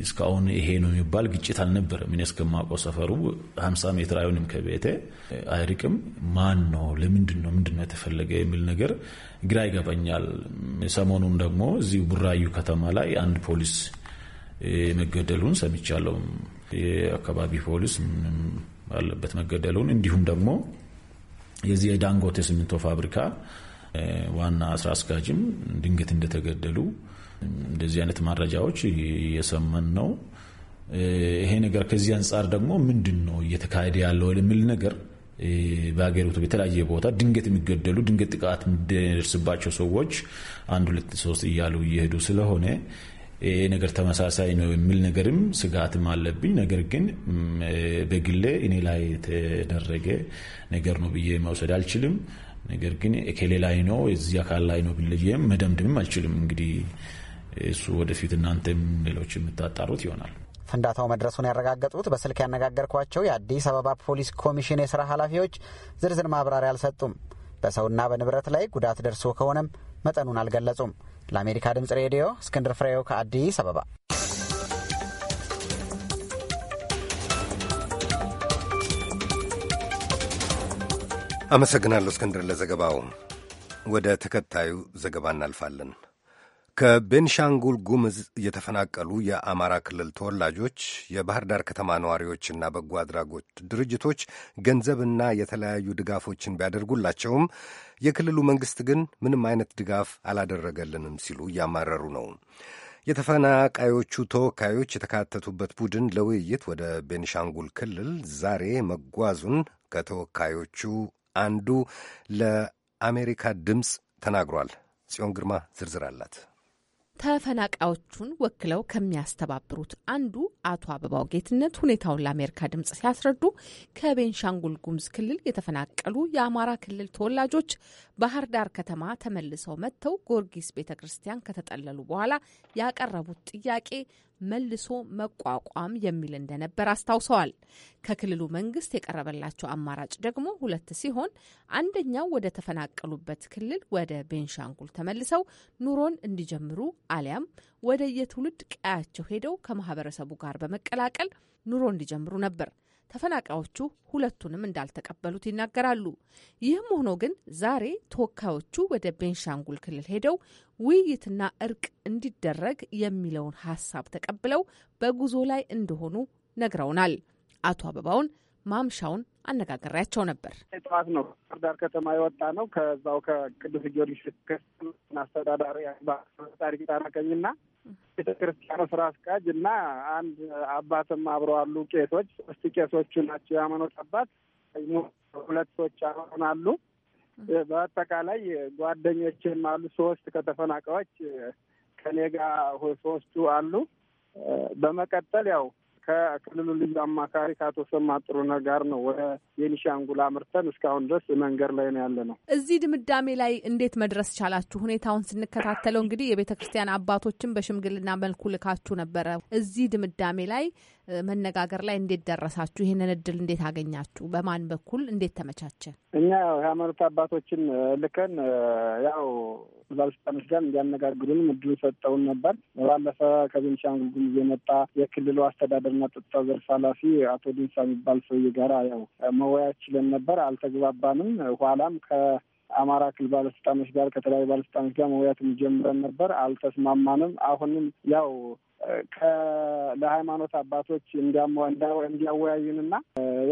እስካሁን ይሄ ነው የሚባል ግጭት አልነበረም። እኔ እስከማውቀው ሰፈሩ ሀምሳ ሜትር አይሆንም ከቤቴ አይርቅም። ማን ነው ለምንድን ነው ምንድን ነው የተፈለገ የሚል ነገር ግራ ይገባኛል። ሰሞኑን ደግሞ እዚሁ ቡራዩ ከተማ ላይ አንድ ፖሊስ መገደሉን ሰምቻለሁ። የአካባቢ ፖሊስ ባለበት መገደሉን እንዲሁም ደግሞ የዚህ የዳንጎቴ ሲሚንቶ ፋብሪካ ዋና ስራ አስኪያጅም ድንገት እንደተገደሉ እንደዚህ አይነት መረጃዎች እየሰማን ነው። ይሄ ነገር ከዚህ አንጻር ደግሞ ምንድን ነው እየተካሄደ ያለው የሚል ነገር በሀገሪቱ በተለያየ ቦታ ድንገት የሚገደሉ ድንገት ጥቃት የሚደርስባቸው ሰዎች አንድ ሁለት ሶስት እያሉ እየሄዱ ስለሆነ ይሄ ነገር ተመሳሳይ ነው የሚል ነገርም ስጋትም አለብኝ። ነገር ግን በግሌ እኔ ላይ የተደረገ ነገር ነው ብዬ መውሰድ አልችልም። ነገር ግን እከሌ ላይ ነው የዚህ አካል ላይ ነው ብለዬም መደምደምም አልችልም። እንግዲህ እሱ ወደፊት እናንተም ሌሎች የምታጣሩት ይሆናል። ፍንዳታው መድረሱን ያረጋገጡት በስልክ ያነጋገርኳቸው የአዲስ አበባ ፖሊስ ኮሚሽን የስራ ኃላፊዎች ዝርዝር ማብራሪያ አልሰጡም። በሰውና በንብረት ላይ ጉዳት ደርሶ ከሆነም መጠኑን አልገለጹም። ለአሜሪካ ድምፅ ሬዲዮ እስክንድር ፍሬው ከአዲስ አበባ። አመሰግናለሁ እስክንድር ለዘገባው። ወደ ተከታዩ ዘገባ እናልፋለን። ከቤንሻንጉል ጉምዝ የተፈናቀሉ የአማራ ክልል ተወላጆች የባህር ዳር ከተማ ነዋሪዎችና በጎ አድራጎት ድርጅቶች ገንዘብና የተለያዩ ድጋፎችን ቢያደርጉላቸውም የክልሉ መንግሥት ግን ምንም አይነት ድጋፍ አላደረገልንም ሲሉ እያማረሩ ነው። የተፈናቃዮቹ ተወካዮች የተካተቱበት ቡድን ለውይይት ወደ ቤንሻንጉል ክልል ዛሬ መጓዙን ከተወካዮቹ አንዱ ለአሜሪካ ድምፅ ተናግሯል። ጽዮን ግርማ ዝርዝር አላት። ተፈናቃዮቹን ወክለው ከሚያስተባብሩት አንዱ አቶ አበባው ጌትነት ሁኔታውን ለአሜሪካ ድምጽ ሲያስረዱ ከቤንሻንጉል ጉምዝ ክልል የተፈናቀሉ የአማራ ክልል ተወላጆች ባህር ዳር ከተማ ተመልሰው መጥተው ጊዮርጊስ ቤተ ክርስቲያን ከተጠለሉ በኋላ ያቀረቡት ጥያቄ መልሶ መቋቋም የሚል እንደነበር አስታውሰዋል። ከክልሉ መንግስት የቀረበላቸው አማራጭ ደግሞ ሁለት ሲሆን አንደኛው ወደ ተፈናቀሉበት ክልል ወደ ቤንሻንጉል ተመልሰው ኑሮን እንዲጀምሩ አሊያም ወደ የትውልድ ቀያቸው ሄደው ከማህበረሰቡ ጋር በመቀላቀል ኑሮ እንዲጀምሩ ነበር። ተፈናቃዮቹ ሁለቱንም እንዳልተቀበሉት ይናገራሉ። ይህም ሆኖ ግን ዛሬ ተወካዮቹ ወደ ቤንሻንጉል ክልል ሄደው ውይይትና እርቅ እንዲደረግ የሚለውን ሀሳብ ተቀብለው በጉዞ ላይ እንደሆኑ ነግረውናል። አቶ አበባውን ማምሻውን አነጋገሪያቸው ነበር። ጠዋት ነው ባህርዳር ከተማ የወጣ ነው። ከዛው ከቅዱስ ጊዮርጊስ አስተዳዳሪ ታሪክ ጣናቀኝና ቤተ ክርስቲያኑ ስራ አስኪያጅ እና አንድ አባትም አብረው አሉ። ቄሶች ሶስት ቄሶቹ ናቸው የሃይማኖት አባት፣ ሁለት ሰዎች አሉ። በአጠቃላይ ጓደኞችም አሉ። ሶስት ከተፈናቃዮች ከኔ ጋር ሶስቱ አሉ። በመቀጠል ያው ከክልሉ ልዩ አማካሪ ከአቶ ሰማ ጥሩነ ጋር ነው ወደ የኒሻንጉል አምርተን እስካሁን ድረስ መንገድ ላይ ነው ያለ ነው። እዚህ ድምዳሜ ላይ እንዴት መድረስ ቻላችሁ? ሁኔታውን ስንከታተለው እንግዲህ የቤተ ክርስቲያን አባቶችን በሽምግልና መልኩ ልካችሁ ነበረ። እዚህ ድምዳሜ ላይ መነጋገር ላይ እንዴት ደረሳችሁ? ይህንን እድል እንዴት አገኛችሁ? በማን በኩል እንዴት ተመቻቸ? እኛ ያው የሃይማኖት አባቶችን ልከን ያው ባለስልጣኖች ጋር እንዲያነጋግሩንም እድሉ ሰጠውን ነበር። ባለፈ ከቤንሻንጉል ጉሙዝ የመጣ የክልሉ አስተዳደርና ጸጥታ ዘርፍ ኃላፊ አቶ ድንሳ የሚባል ሰውዬ ጋራ ያው መወያየት ችለን ነበር። አልተግባባንም። ኋላም ከ አማራ ክልል ባለስልጣኖች ጋር ከተለያዩ ባለስልጣኖች ጋር መውያትም ጀምረን ነበር። አልተስማማንም። አሁንም ያው ለሃይማኖት አባቶች እንዲያወያዩንና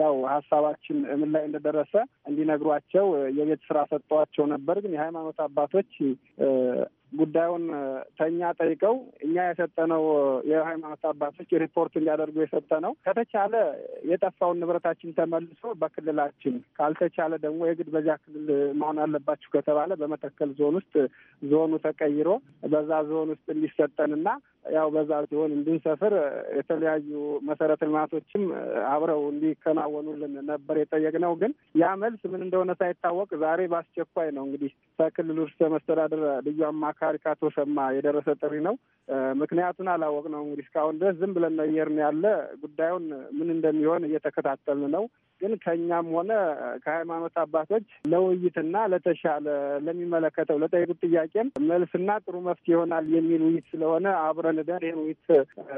ያው ሀሳባችን ምን ላይ እንደደረሰ እንዲነግሯቸው የቤት ስራ ሰጠዋቸው ነበር። ግን የሃይማኖት አባቶች ጉዳዩን ተኛ ጠይቀው እኛ የሰጠነው የሃይማኖት አባቶች ሪፖርት እንዲያደርጉ የሰጠ ነው። ከተቻለ የጠፋውን ንብረታችን ተመልሶ በክልላችን ካልተቻለ ደግሞ የግድ በዚያ ክልል መሆን አለባችሁ ከተባለ በመተከል ዞን ውስጥ ዞኑ ተቀይሮ በዛ ዞን ውስጥ እንዲሰጠንና ያው በዛ ሲሆን እንድንሰፍር የተለያዩ መሰረተ ልማቶችም አብረው እንዲከናወኑልን ነበር የጠየቅነው። ግን ያ መልስ ምን እንደሆነ ሳይታወቅ ዛሬ በአስቸኳይ ነው እንግዲህ ከክልሉ ርዕሰ መስተዳድር ልዩ አማካ ካሪካቶ ሰማ የደረሰ ጥሪ ነው። ምክንያቱን አላወቅ ነው እንግዲህ እስካሁን ድረስ ዝም ብለን ነው እየሄድን ያለ ጉዳዩን ምን እንደሚሆን እየተከታተልን ነው። ግን ከእኛም ሆነ ከሃይማኖት አባቶች ለውይይትና ለተሻለ ለሚመለከተው ለጠየቁት ጥያቄም መልስና ጥሩ መፍትሄ ይሆናል የሚል ውይይት ስለሆነ አብረን ደን ይህን ውይይት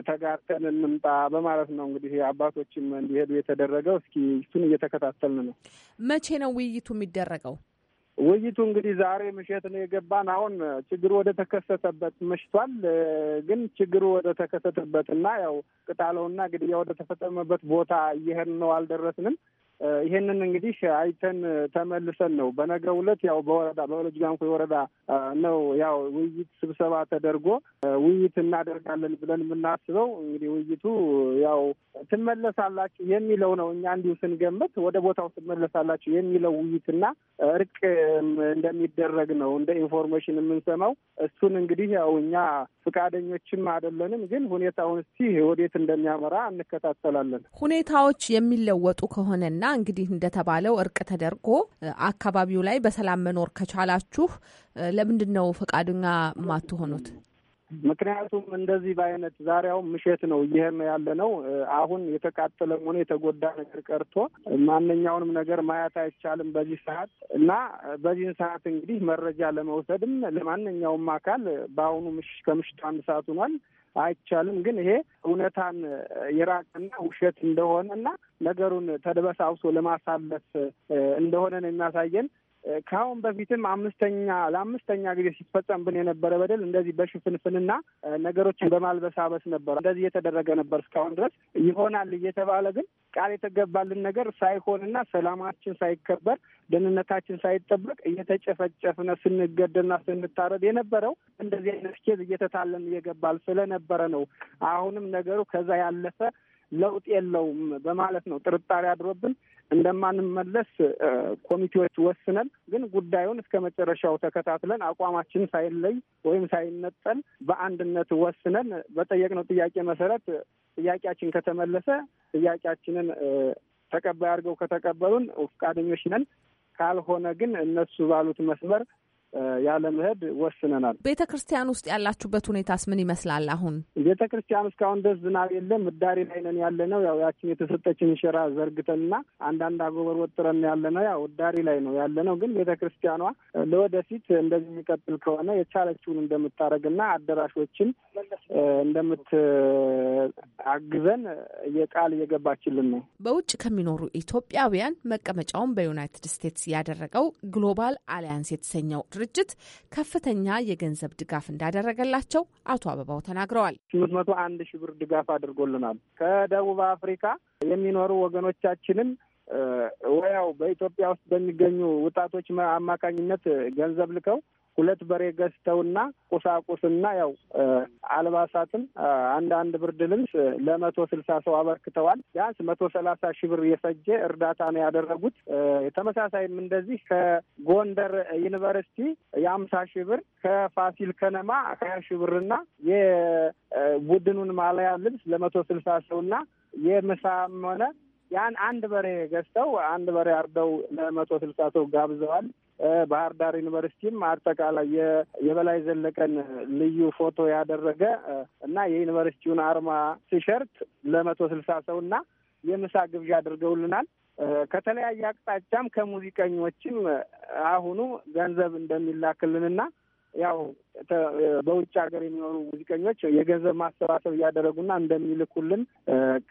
ተጋርተን እንምጣ በማለት ነው እንግዲህ አባቶችም እንዲሄዱ የተደረገው። እስኪ እሱን እየተከታተልን ነው። መቼ ነው ውይይቱ የሚደረገው? ውይይቱ እንግዲህ ዛሬ ምሽት ነው የገባን። አሁን ችግሩ ወደ ተከሰተበት መሽቷል። ግን ችግሩ ወደ ተከሰተበት እና ያው ቅጣለውና ግድያ ወደ ተፈጸመበት ቦታ እየሄድን ነው። አልደረስንም። ይሄንን እንግዲህ አይተን ተመልሰን ነው በነገ ዕለት ያው በወረዳ በወለጅ ጋንኮ ወረዳ ነው ያው ውይይት ስብሰባ ተደርጎ ውይይት እናደርጋለን ብለን የምናስበው እንግዲህ ውይይቱ ያው ትመለሳላችሁ የሚለው ነው። እኛ እንዲሁ ስንገምት ወደ ቦታው ትመለሳላችሁ የሚለው ውይይትና እርቅ እንደሚደረግ ነው እንደ ኢንፎርሜሽን የምንሰማው። እሱን እንግዲህ ያው እኛ ፈቃደኞችም አይደለንም፣ ግን ሁኔታውን እስቲ ወዴት እንደሚያመራ እንከታተላለን። ሁኔታዎች የሚለወጡ ከሆነና እንግዲህ እንደተባለው እርቅ ተደርጎ አካባቢው ላይ በሰላም መኖር ከቻላችሁ ለምንድን ነው ፈቃደኛ ማትሆኑት? ምክንያቱም እንደዚህ በአይነት ዛሬው ምሽት ነው ይህም ያለ ነው። አሁን የተቃጠለም ሆነ የተጎዳ ነገር ቀርቶ ማንኛውንም ነገር ማየት አይቻልም በዚህ ሰዓት እና በዚህን ሰዓት እንግዲህ መረጃ ለመውሰድም ለማንኛውም አካል በአሁኑ ምሽት ከምሽቱ አንድ ሰዓት ሆኗል። አይቻልም። ግን ይሄ እውነታን የራቀና ውሸት እንደሆነ እና ነገሩን ተደበሳብሶ ለማሳለፍ እንደሆነ ነው የሚያሳየን። ከአሁን በፊትም አምስተኛ ለአምስተኛ ጊዜ ሲፈጸምብን የነበረ በደል እንደዚህ በሽፍንፍንና ነገሮችን በማልበሳበስ ነበር እንደዚህ እየተደረገ ነበር። እስካሁን ድረስ ይሆናል እየተባለ ግን ቃል የተገባልን ነገር ሳይሆንና ሰላማችን ሳይከበር ደህንነታችን ሳይጠበቅ እየተጨፈጨፍነ ስንገደልና ስንታረድ የነበረው እንደዚህ አይነት ኬዝ እየተታለን እየገባል ስለነበረ ነው። አሁንም ነገሩ ከዛ ያለፈ ለውጥ የለውም በማለት ነው ጥርጣሬ አድሮብን እንደማንመለስ ኮሚቴዎች ወስነን፣ ግን ጉዳዩን እስከ መጨረሻው ተከታትለን አቋማችን ሳይለይ ወይም ሳይነጠል በአንድነት ወስነን በጠየቅነው ጥያቄ መሰረት ጥያቄያችን ከተመለሰ ጥያቄያችንን ተቀባይ አድርገው ከተቀበሉን ፈቃደኞች ነን። ካልሆነ ግን እነሱ ባሉት መስመር ያለመሄድ ወስነናል። ቤተ ክርስቲያን ውስጥ ያላችሁበት ሁኔታስ ምን ይመስላል? አሁን ቤተ ክርስቲያን እስካሁን ደስ ዝናብ የለም። ምዳሪ ላይ ነን ያለ ነው። ያው ያችን የተሰጠችን ሸራ ዘርግተንና አንዳንድ አጎበር ወጥረን ያለ ነው። ያው ዳሪ ላይ ነው ያለ ነው። ግን ቤተ ክርስቲያኗ ለወደፊት እንደዚህ የሚቀጥል ከሆነ የቻለችውን እንደምታደርግና አዳራሾችን እንደምታግዘን የቃል እየገባችልን ነው። በውጭ ከሚኖሩ ኢትዮጵያውያን መቀመጫውን በዩናይትድ ስቴትስ ያደረገው ግሎባል አሊያንስ የተሰኘው ድርጅት ከፍተኛ የገንዘብ ድጋፍ እንዳደረገላቸው አቶ አበባው ተናግረዋል። ስምንት መቶ አንድ ሺህ ብር ድጋፍ አድርጎልናል። ከደቡብ አፍሪካ የሚኖሩ ወገኖቻችንም ወያው በኢትዮጵያ ውስጥ በሚገኙ ወጣቶች አማካኝነት ገንዘብ ልከው ሁለት በሬ ገዝተውና ቁሳቁስና ያው አልባሳትም አንዳንድ ብርድ ልብስ ለመቶ ስልሳ ሰው አበርክተዋል። ቢያንስ መቶ ሰላሳ ሺህ ብር የፈጀ እርዳታ ነው ያደረጉት። ተመሳሳይም እንደዚህ ከጎንደር ዩኒቨርሲቲ የአምሳ ሺህ ብር ከፋሲል ከነማ ሀያ ሺህ ብርና የቡድኑን ማለያ ልብስ ለመቶ ስልሳ ሰውና የምሳም ሆነ ያን አንድ በሬ ገዝተው አንድ በሬ አርደው ለመቶ ስልሳ ሰው ጋብዘዋል። ባህር ዳር ዩኒቨርሲቲም አጠቃላይ የበላይ ዘለቀን ልዩ ፎቶ ያደረገ እና የዩኒቨርሲቲውን አርማ ቲሸርት ለመቶ ስልሳ ሰው እና የምሳ ግብዣ አድርገውልናል። ከተለያየ አቅጣጫም ከሙዚቀኞችም አሁኑ ገንዘብ እንደሚላክልንና ያው በውጭ ሀገር የሚኖሩ ሙዚቀኞች የገንዘብ ማሰባሰብ እያደረጉና እንደሚልኩልን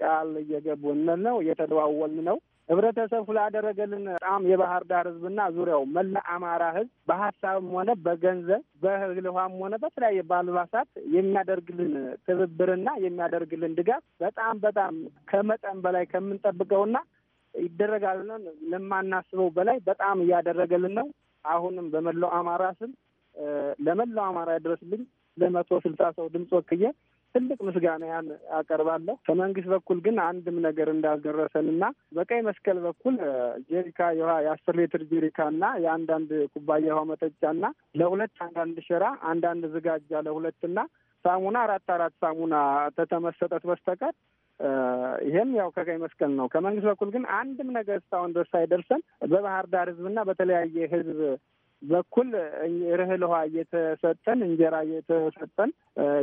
ቃል እየገቡን ነው፣ እየተደዋወልን ነው። ህብረተሰብ ስላደረገልን በጣም የባህር ዳር ህዝብና ዙሪያው መላ አማራ ህዝብ በሀሳብም ሆነ በገንዘብ በእህል ውሃም ሆነ በተለያየ ባልባሳት የሚያደርግልን ትብብርና የሚያደርግልን ድጋፍ በጣም በጣም ከመጠን በላይ ከምንጠብቀውና ይደረጋል ለማናስበው በላይ በጣም እያደረገልን ነው። አሁንም በመላው አማራ ስም ለመላው አማራ ያደረስልኝ ለመቶ ስልሳ ሰው ድምፅ ወክዬ ትልቅ ምስጋናያን አቀርባለሁ። ከመንግስት በኩል ግን አንድም ነገር እንዳልደረሰን እና በቀይ መስቀል በኩል ጄሪካ የውሃ የአስር ሌትር ጄሪካ እና የአንዳንድ ኩባያ ውሃ መጠጫ እና ለሁለት አንዳንድ ሸራ አንዳንድ ዝጋጃ ለሁለት እና ሳሙና አራት አራት ሳሙና ተተመሰጠት በስተቀር ይህም ያው ከቀይ መስቀል ነው። ከመንግስት በኩል ግን አንድም ነገር እስካሁን ድረስ አይደርሰን በባህር ዳር ህዝብና በተለያየ ህዝብ በኩል ርህል ውሃ እየተሰጠን እንጀራ እየተሰጠን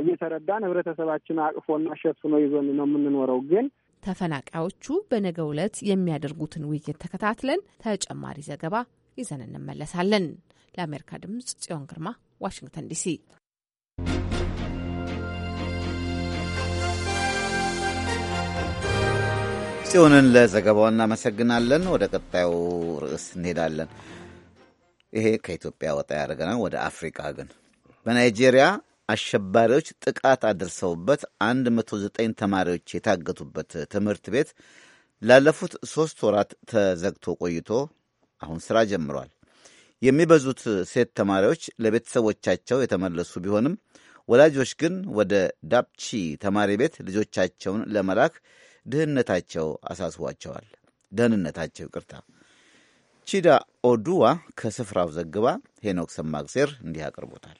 እየተረዳን ህብረተሰባችን አቅፎና ሸፍኖ ይዞን ነው የምንኖረው ግን ተፈናቃዮቹ በነገ ዕለት የሚያደርጉትን ውይይት ተከታትለን ተጨማሪ ዘገባ ይዘን እንመለሳለን። ለአሜሪካ ድምፅ ጽዮን ግርማ፣ ዋሽንግተን ዲሲ። ጽዮንን ለዘገባው እናመሰግናለን። ወደ ቀጣዩ ርዕስ እንሄዳለን። ይሄ ከኢትዮጵያ ወጣ ያደርገናል። ወደ አፍሪካ ግን በናይጄሪያ አሸባሪዎች ጥቃት አድርሰውበት 109 ተማሪዎች የታገቱበት ትምህርት ቤት ላለፉት ሦስት ወራት ተዘግቶ ቆይቶ አሁን ሥራ ጀምሯል። የሚበዙት ሴት ተማሪዎች ለቤተሰቦቻቸው የተመለሱ ቢሆንም ወላጆች ግን ወደ ዳፕቺ ተማሪ ቤት ልጆቻቸውን ለመላክ ድህነታቸው አሳስቧቸዋል። ደህንነታቸው ይቅርታ ቺዳ ኦዱዋ ከስፍራው ዘግባ ሄኖክ ሰማግዜር እንዲህ አቅርቦታል።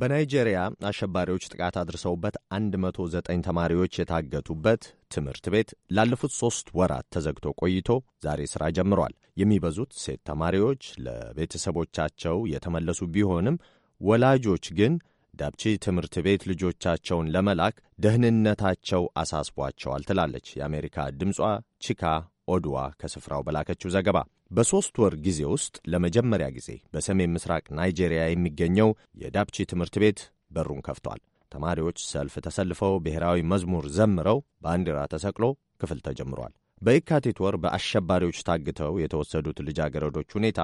በናይጄሪያ አሸባሪዎች ጥቃት አድርሰውበት 109 ተማሪዎች የታገቱበት ትምህርት ቤት ላለፉት ሦስት ወራት ተዘግቶ ቆይቶ ዛሬ ሥራ ጀምሯል። የሚበዙት ሴት ተማሪዎች ለቤተሰቦቻቸው የተመለሱ ቢሆንም ወላጆች ግን ዳብቺ ትምህርት ቤት ልጆቻቸውን ለመላክ ደህንነታቸው አሳስቧቸዋል ትላለች የአሜሪካ ድምጿ ቺካ ኦድዋ ከስፍራው በላከችው ዘገባ በሦስት ወር ጊዜ ውስጥ ለመጀመሪያ ጊዜ በሰሜን ምስራቅ ናይጄሪያ የሚገኘው የዳፕቺ ትምህርት ቤት በሩን ከፍቷል። ተማሪዎች ሰልፍ ተሰልፈው ብሔራዊ መዝሙር ዘምረው ባንዲራ ተሰቅሎ ክፍል ተጀምሯል። በየካቲት ወር በአሸባሪዎች ታግተው የተወሰዱት ልጃገረዶች ሁኔታ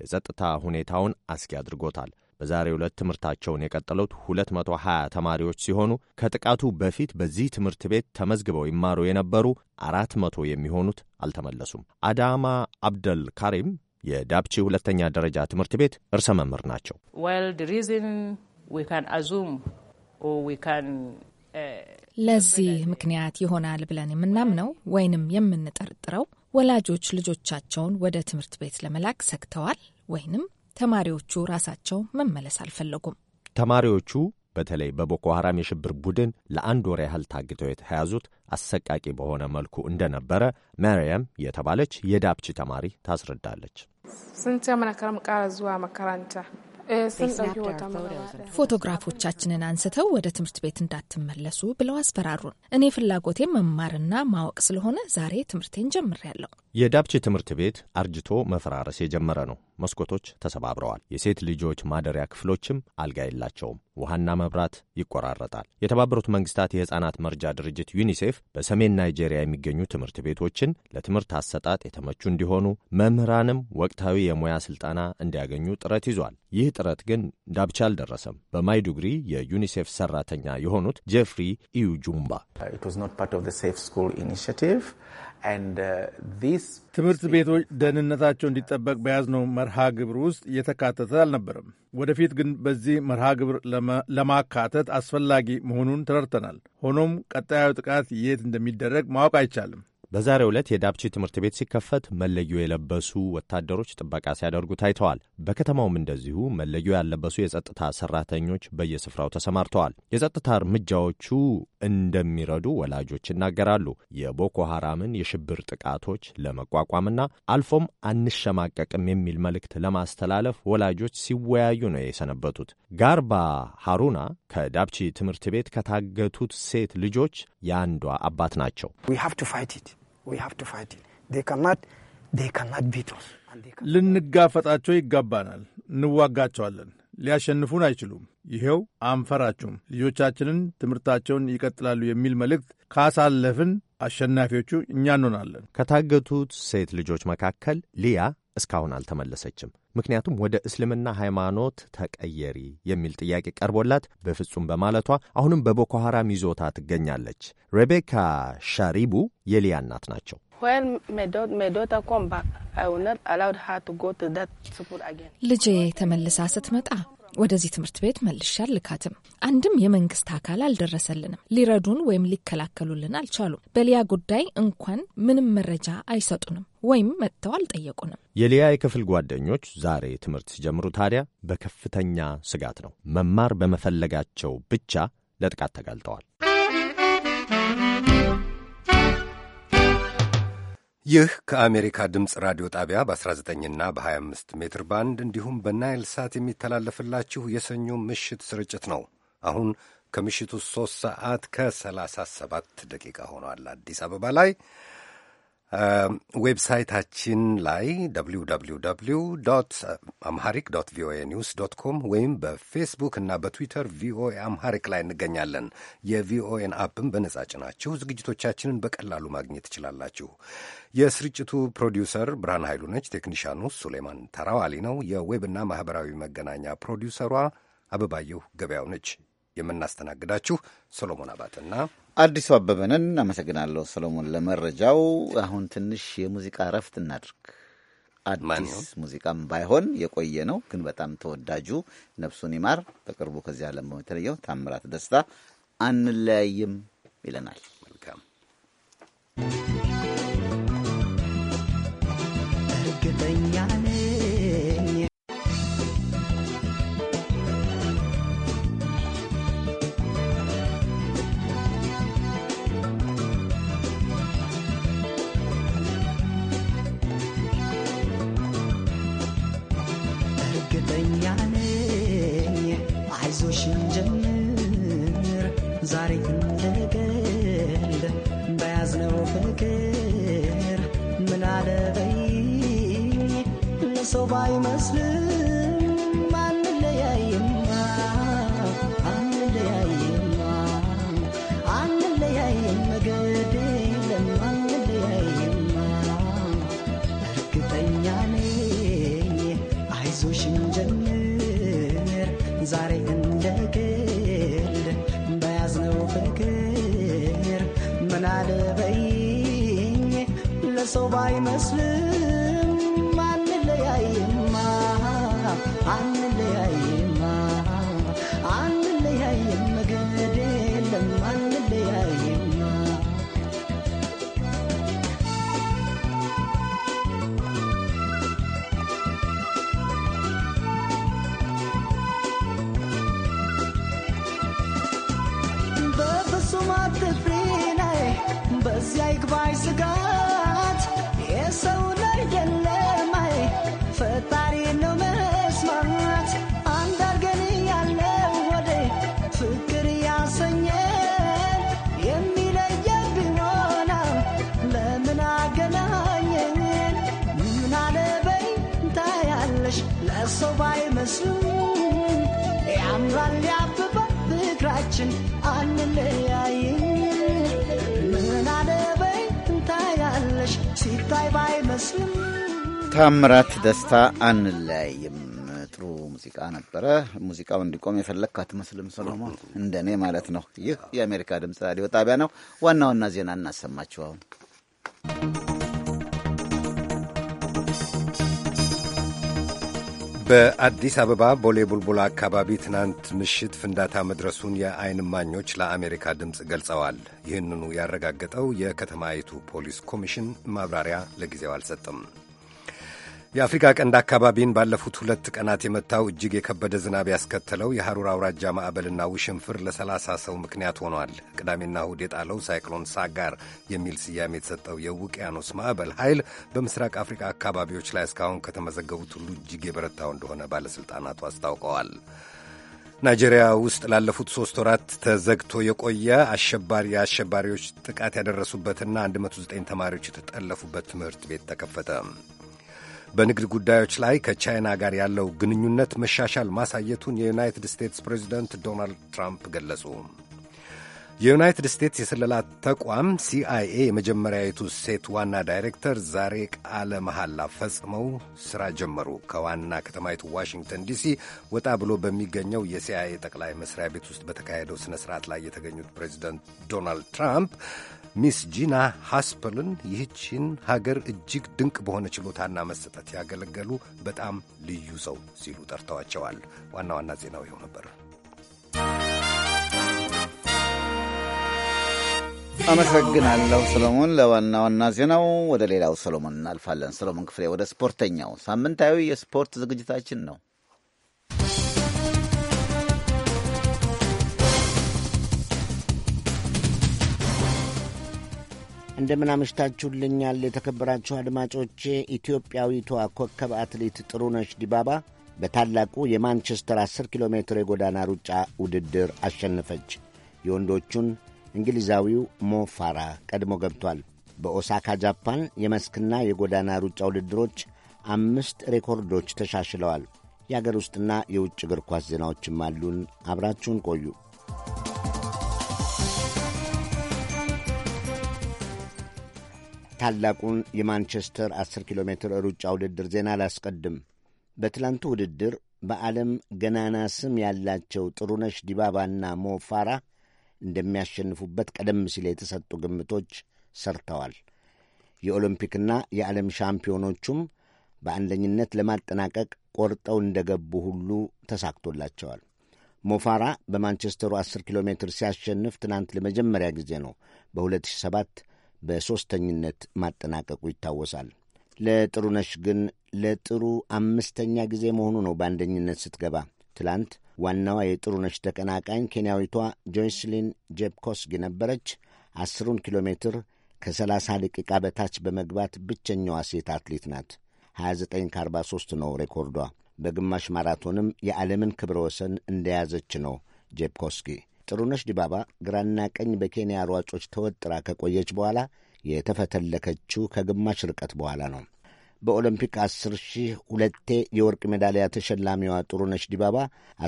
የጸጥታ ሁኔታውን አስጊ አድርጎታል። በዛሬ ዕለት ትምህርታቸውን የቀጠሉት 220 ተማሪዎች ሲሆኑ ከጥቃቱ በፊት በዚህ ትምህርት ቤት ተመዝግበው ይማሩ የነበሩ 400 የሚሆኑት አልተመለሱም። አዳማ አብደል ካሪም የዳብቺ ሁለተኛ ደረጃ ትምህርት ቤት እርሰ መምህር ናቸው። uh, ለዚህ ምክንያት ይሆናል ብለን የምናምነው ወይንም የምንጠርጥረው ወላጆች ልጆቻቸውን ወደ ትምህርት ቤት ለመላክ ሰግተዋል ወይንም ተማሪዎቹ ራሳቸው መመለስ አልፈለጉም። ተማሪዎቹ በተለይ በቦኮ ሐራም የሽብር ቡድን ለአንድ ወር ያህል ታግተው የተያዙት አሰቃቂ በሆነ መልኩ እንደነበረ ማርያም የተባለች የዳፕቺ ተማሪ ታስረዳለች። ስንት መከራንቻ ፎቶግራፎቻችንን አንስተው ወደ ትምህርት ቤት እንዳትመለሱ ብለው አስፈራሩን። እኔ ፍላጎቴ መማርና ማወቅ ስለሆነ ዛሬ ትምህርቴን ጀምሬያለሁ። የዳብቺ ትምህርት ቤት አርጅቶ መፈራረስ የጀመረ ነው። መስኮቶች ተሰባብረዋል። የሴት ልጆች ማደሪያ ክፍሎችም አልጋ የላቸውም። ውሃና መብራት ይቆራረጣል። የተባበሩት መንግስታት የሕፃናት መርጃ ድርጅት ዩኒሴፍ በሰሜን ናይጄሪያ የሚገኙ ትምህርት ቤቶችን ለትምህርት አሰጣጥ የተመቹ እንዲሆኑ፣ መምህራንም ወቅታዊ የሙያ ስልጠና እንዲያገኙ ጥረት ይዟል። ይህ ጥረት ግን ዳብቻ አልደረሰም። በማይዱግሪ የዩኒሴፍ ሰራተኛ የሆኑት ጄፍሪ ኢዩጁምባ uh, Uh, ትምህርት ቤቶች ደህንነታቸው እንዲጠበቅ በያዝነው መርሃ ግብር ውስጥ የተካተተ አልነበረም። ወደፊት ግን በዚህ መርሃ ግብር ለማካተት አስፈላጊ መሆኑን ተረድተናል። ሆኖም ቀጣዩ ጥቃት የት እንደሚደረግ ማወቅ አይቻልም። በዛሬ ዕለት የዳብቺ ትምህርት ቤት ሲከፈት መለዮ የለበሱ ወታደሮች ጥበቃ ሲያደርጉ ታይተዋል። በከተማውም እንደዚሁ መለዮ ያለበሱ የጸጥታ ሰራተኞች በየስፍራው ተሰማርተዋል። የጸጥታ እርምጃዎቹ እንደሚረዱ ወላጆች ይናገራሉ። የቦኮ ሐራምን የሽብር ጥቃቶች ለመቋቋምና አልፎም አንሸማቀቅም የሚል መልእክት ለማስተላለፍ ወላጆች ሲወያዩ ነው የሰነበቱት። ጋርባ ሀሩና ከዳብቺ ትምህርት ቤት ከታገቱት ሴት ልጆች የአንዷ አባት ናቸው። ልንጋፈጣቸው ይገባናል። እንዋጋቸዋለን። ሊያሸንፉን አይችሉም። ይኸው አንፈራችሁም። ልጆቻችንን ትምህርታቸውን ይቀጥላሉ የሚል መልእክት ካሳለፍን አሸናፊዎቹ እኛ እንሆናለን። ከታገቱት ሴት ልጆች መካከል ሊያ እስካሁን አልተመለሰችም። ምክንያቱም ወደ እስልምና ሃይማኖት ተቀየሪ የሚል ጥያቄ ቀርቦላት በፍጹም በማለቷ አሁንም በቦኮ ሐራም ይዞታ ትገኛለች። ሬቤካ ሻሪቡ የሊያ እናት ናቸው። ልጄ ተመልሳ ስትመጣ ወደዚህ ትምህርት ቤት መልሼ አልካትም። አንድም የመንግስት አካል አልደረሰልንም፣ ሊረዱን ወይም ሊከላከሉልን አልቻሉም። በሊያ ጉዳይ እንኳን ምንም መረጃ አይሰጡንም ወይም መጥተው አልጠየቁንም። የሊያ የክፍል ጓደኞች ዛሬ ትምህርት ሲጀምሩ ታዲያ በከፍተኛ ስጋት ነው። መማር በመፈለጋቸው ብቻ ለጥቃት ተጋልጠዋል። ይህ ከአሜሪካ ድምፅ ራዲዮ ጣቢያ በ19ና በ25 ሜትር ባንድ እንዲሁም በናይል ሳት የሚተላለፍላችሁ የሰኞ ምሽት ስርጭት ነው። አሁን ከምሽቱ 3 ሰዓት ከ37 ደቂቃ ሆኗል አዲስ አበባ ላይ። ዌብሳይታችን ላይ www አምሃሪክ ዶት ቪኦኤ ኒውስ ዶት ኮም ወይም በፌስቡክ እና በትዊተር ቪኦኤ አምሃሪክ ላይ እንገኛለን። የቪኦኤን አፕም በነጻ ጭናችሁ ዝግጅቶቻችንን በቀላሉ ማግኘት ትችላላችሁ። የስርጭቱ ፕሮዲውሰር ብርሃን ኃይሉ ነች። ቴክኒሻኑ ሱሌማን ተራዋሊ ነው። የዌብና ማኅበራዊ መገናኛ ፕሮዲውሰሯ አበባየሁ ገበያው ነች። የምናስተናግዳችሁ ሰሎሞን አባትና አዲሱ አበበንን አመሰግናለሁ ሰሎሞን ለመረጃው። አሁን ትንሽ የሙዚቃ እረፍት እናድርግ። አዲስ ሙዚቃም ባይሆን የቆየ ነው፣ ግን በጣም ተወዳጁ ነፍሱን ይማር በቅርቡ ከዚህ ዓለም የተለየው ታምራት ደስታ አንለያይም ይለናል። መልካም እርግጠኛ ሰው ባይመስልም አንለያይማ አንለያይማ አንለያይም መገድ የለም አንለያይማ እርግጠኛ ነኝ አይዞሽ እንጀምር ዛሬ እንደ ግል በያዝነው ፍቅር ምናለበይኝ ለሰው ባይመስልም አትፍሪ ነይ በዚያ ይግባኝ ስጋት የሰው ላይ የለም አይ ፈጣሪ ነው መስማት አንድ አርገን ያለው ወደ ፍቅር ያሰኘን የሚለየ ቢሆና ለምን አገናኘን? ምን አለበይ ታያለሽ ለሰው ባይመስሉ ያምራል ያብባል ፍቅራችን አንለይ ታምራት ደስታ አንለያይም። ጥሩ ሙዚቃ ነበረ። ሙዚቃው እንዲቆም የፈለግክ አትመስልም ሰሎሞን፣ እንደኔ ማለት ነው። ይህ የአሜሪካ ድምፅ ራዲዮ ጣቢያ ነው። ዋና ዋና ዜና እናሰማችሁ አሁን በአዲስ አበባ ቦሌ ቡልቡላ አካባቢ ትናንት ምሽት ፍንዳታ መድረሱን የአይን እማኞች ለአሜሪካ ድምፅ ገልጸዋል። ይህንኑ ያረጋገጠው የከተማይቱ ፖሊስ ኮሚሽን ማብራሪያ ለጊዜው አልሰጥም። የአፍሪካ ቀንድ አካባቢን ባለፉት ሁለት ቀናት የመታው እጅግ የከበደ ዝናብ ያስከተለው የሐሩር አውራጃ ማዕበልና ውሽንፍር ለ30 ሰው ምክንያት ሆኗል። ቅዳሜና እሁድ የጣለው ሳይክሎን ሳጋር የሚል ስያሜ የተሰጠው የውቅያኖስ ማዕበል ኃይል በምስራቅ አፍሪካ አካባቢዎች ላይ እስካሁን ከተመዘገቡት ሁሉ እጅግ የበረታው እንደሆነ ባለሥልጣናቱ አስታውቀዋል። ናይጄሪያ ውስጥ ላለፉት ሶስት ወራት ተዘግቶ የቆየ አሸባሪ የአሸባሪዎች ጥቃት ያደረሱበትና 109 ተማሪዎች የተጠለፉበት ትምህርት ቤት ተከፈተ። በንግድ ጉዳዮች ላይ ከቻይና ጋር ያለው ግንኙነት መሻሻል ማሳየቱን የዩናይትድ ስቴትስ ፕሬዚደንት ዶናልድ ትራምፕ ገለጹ። የዩናይትድ ስቴትስ የስለላ ተቋም ሲአይኤ የመጀመሪያዊቱ ሴት ዋና ዳይሬክተር ዛሬ ቃለ መሐላ ፈጽመው ሥራ ጀመሩ። ከዋና ከተማይቱ ዋሽንግተን ዲሲ ወጣ ብሎ በሚገኘው የሲአይኤ ጠቅላይ መስሪያ ቤት ውስጥ በተካሄደው ሥነ ሥርዓት ላይ የተገኙት ፕሬዚደንት ዶናልድ ትራምፕ ሚስ ጂና ሃስፐልን ይህችን ሀገር እጅግ ድንቅ በሆነ ችሎታና መሰጠት ያገለገሉ በጣም ልዩ ሰው ሲሉ ጠርተዋቸዋል። ዋና ዋና ዜናው ይኸው ነበር። አመሰግናለሁ ሰሎሞን ለዋና ዋና ዜናው። ወደ ሌላው ሰሎሞን እናልፋለን። ሰሎሞን ክፍሌ ወደ ስፖርተኛው ሳምንታዊ የስፖርት ዝግጅታችን ነው። እንደምን አመሽታችሁልኛል የተከበራችሁ አድማጮቼ። ኢትዮጵያዊቷ ኮከብ አትሌት ጥሩነሽ ዲባባ በታላቁ የማንቸስተር 10 ኪሎ ሜትር የጎዳና ሩጫ ውድድር አሸነፈች። የወንዶቹን እንግሊዛዊው ሞፋራ ቀድሞ ገብቷል። በኦሳካ ጃፓን የመስክና የጎዳና ሩጫ ውድድሮች አምስት ሬኮርዶች ተሻሽለዋል። የአገር ውስጥና የውጭ እግር ኳስ ዜናዎችም አሉን። አብራችሁን ቆዩ። ታላቁን የማንቸስተር 10 ኪሎ ሜትር ሩጫ ውድድር ዜና አላስቀድም። በትላንቱ ውድድር በዓለም ገናና ስም ያላቸው ጥሩነሽ ዲባባና ሞፋራ እንደሚያሸንፉበት ቀደም ሲል የተሰጡ ግምቶች ሰርተዋል። የኦሎምፒክና የዓለም ሻምፒዮኖቹም በአንደኝነት ለማጠናቀቅ ቆርጠው እንደገቡ ሁሉ ተሳክቶላቸዋል። ሞፋራ በማንቸስተሩ 10 ኪሎ ሜትር ሲያሸንፍ ትናንት ለመጀመሪያ ጊዜ ነው። በ2007 በሦስተኝነት ማጠናቀቁ ይታወሳል። ለጥሩነሽ ግን ለጥሩ አምስተኛ ጊዜ መሆኑ ነው በአንደኝነት ስትገባ። ትላንት ዋናዋ የጥሩነሽ ተቀናቃኝ ኬንያዊቷ ጆይስሊን ጄፕኮስጊ ነበረች። አስሩን ኪሎ ሜትር ከ30 ደቂቃ በታች በመግባት ብቸኛዋ ሴት አትሌት ናት። 29 ከ43 ነው ሬኮርዷ። በግማሽ ማራቶንም የዓለምን ክብረ ወሰን እንደያዘች ነው ጄፕኮስጊ ጥሩነሽ ዲባባ ግራና ቀኝ በኬንያ ሯጮች ተወጥራ ከቆየች በኋላ የተፈተለከችው ከግማሽ ርቀት በኋላ ነው። በኦሎምፒክ 10 ሺህ ሁለቴ የወርቅ ሜዳሊያ ተሸላሚዋ ጥሩነሽ ዲባባ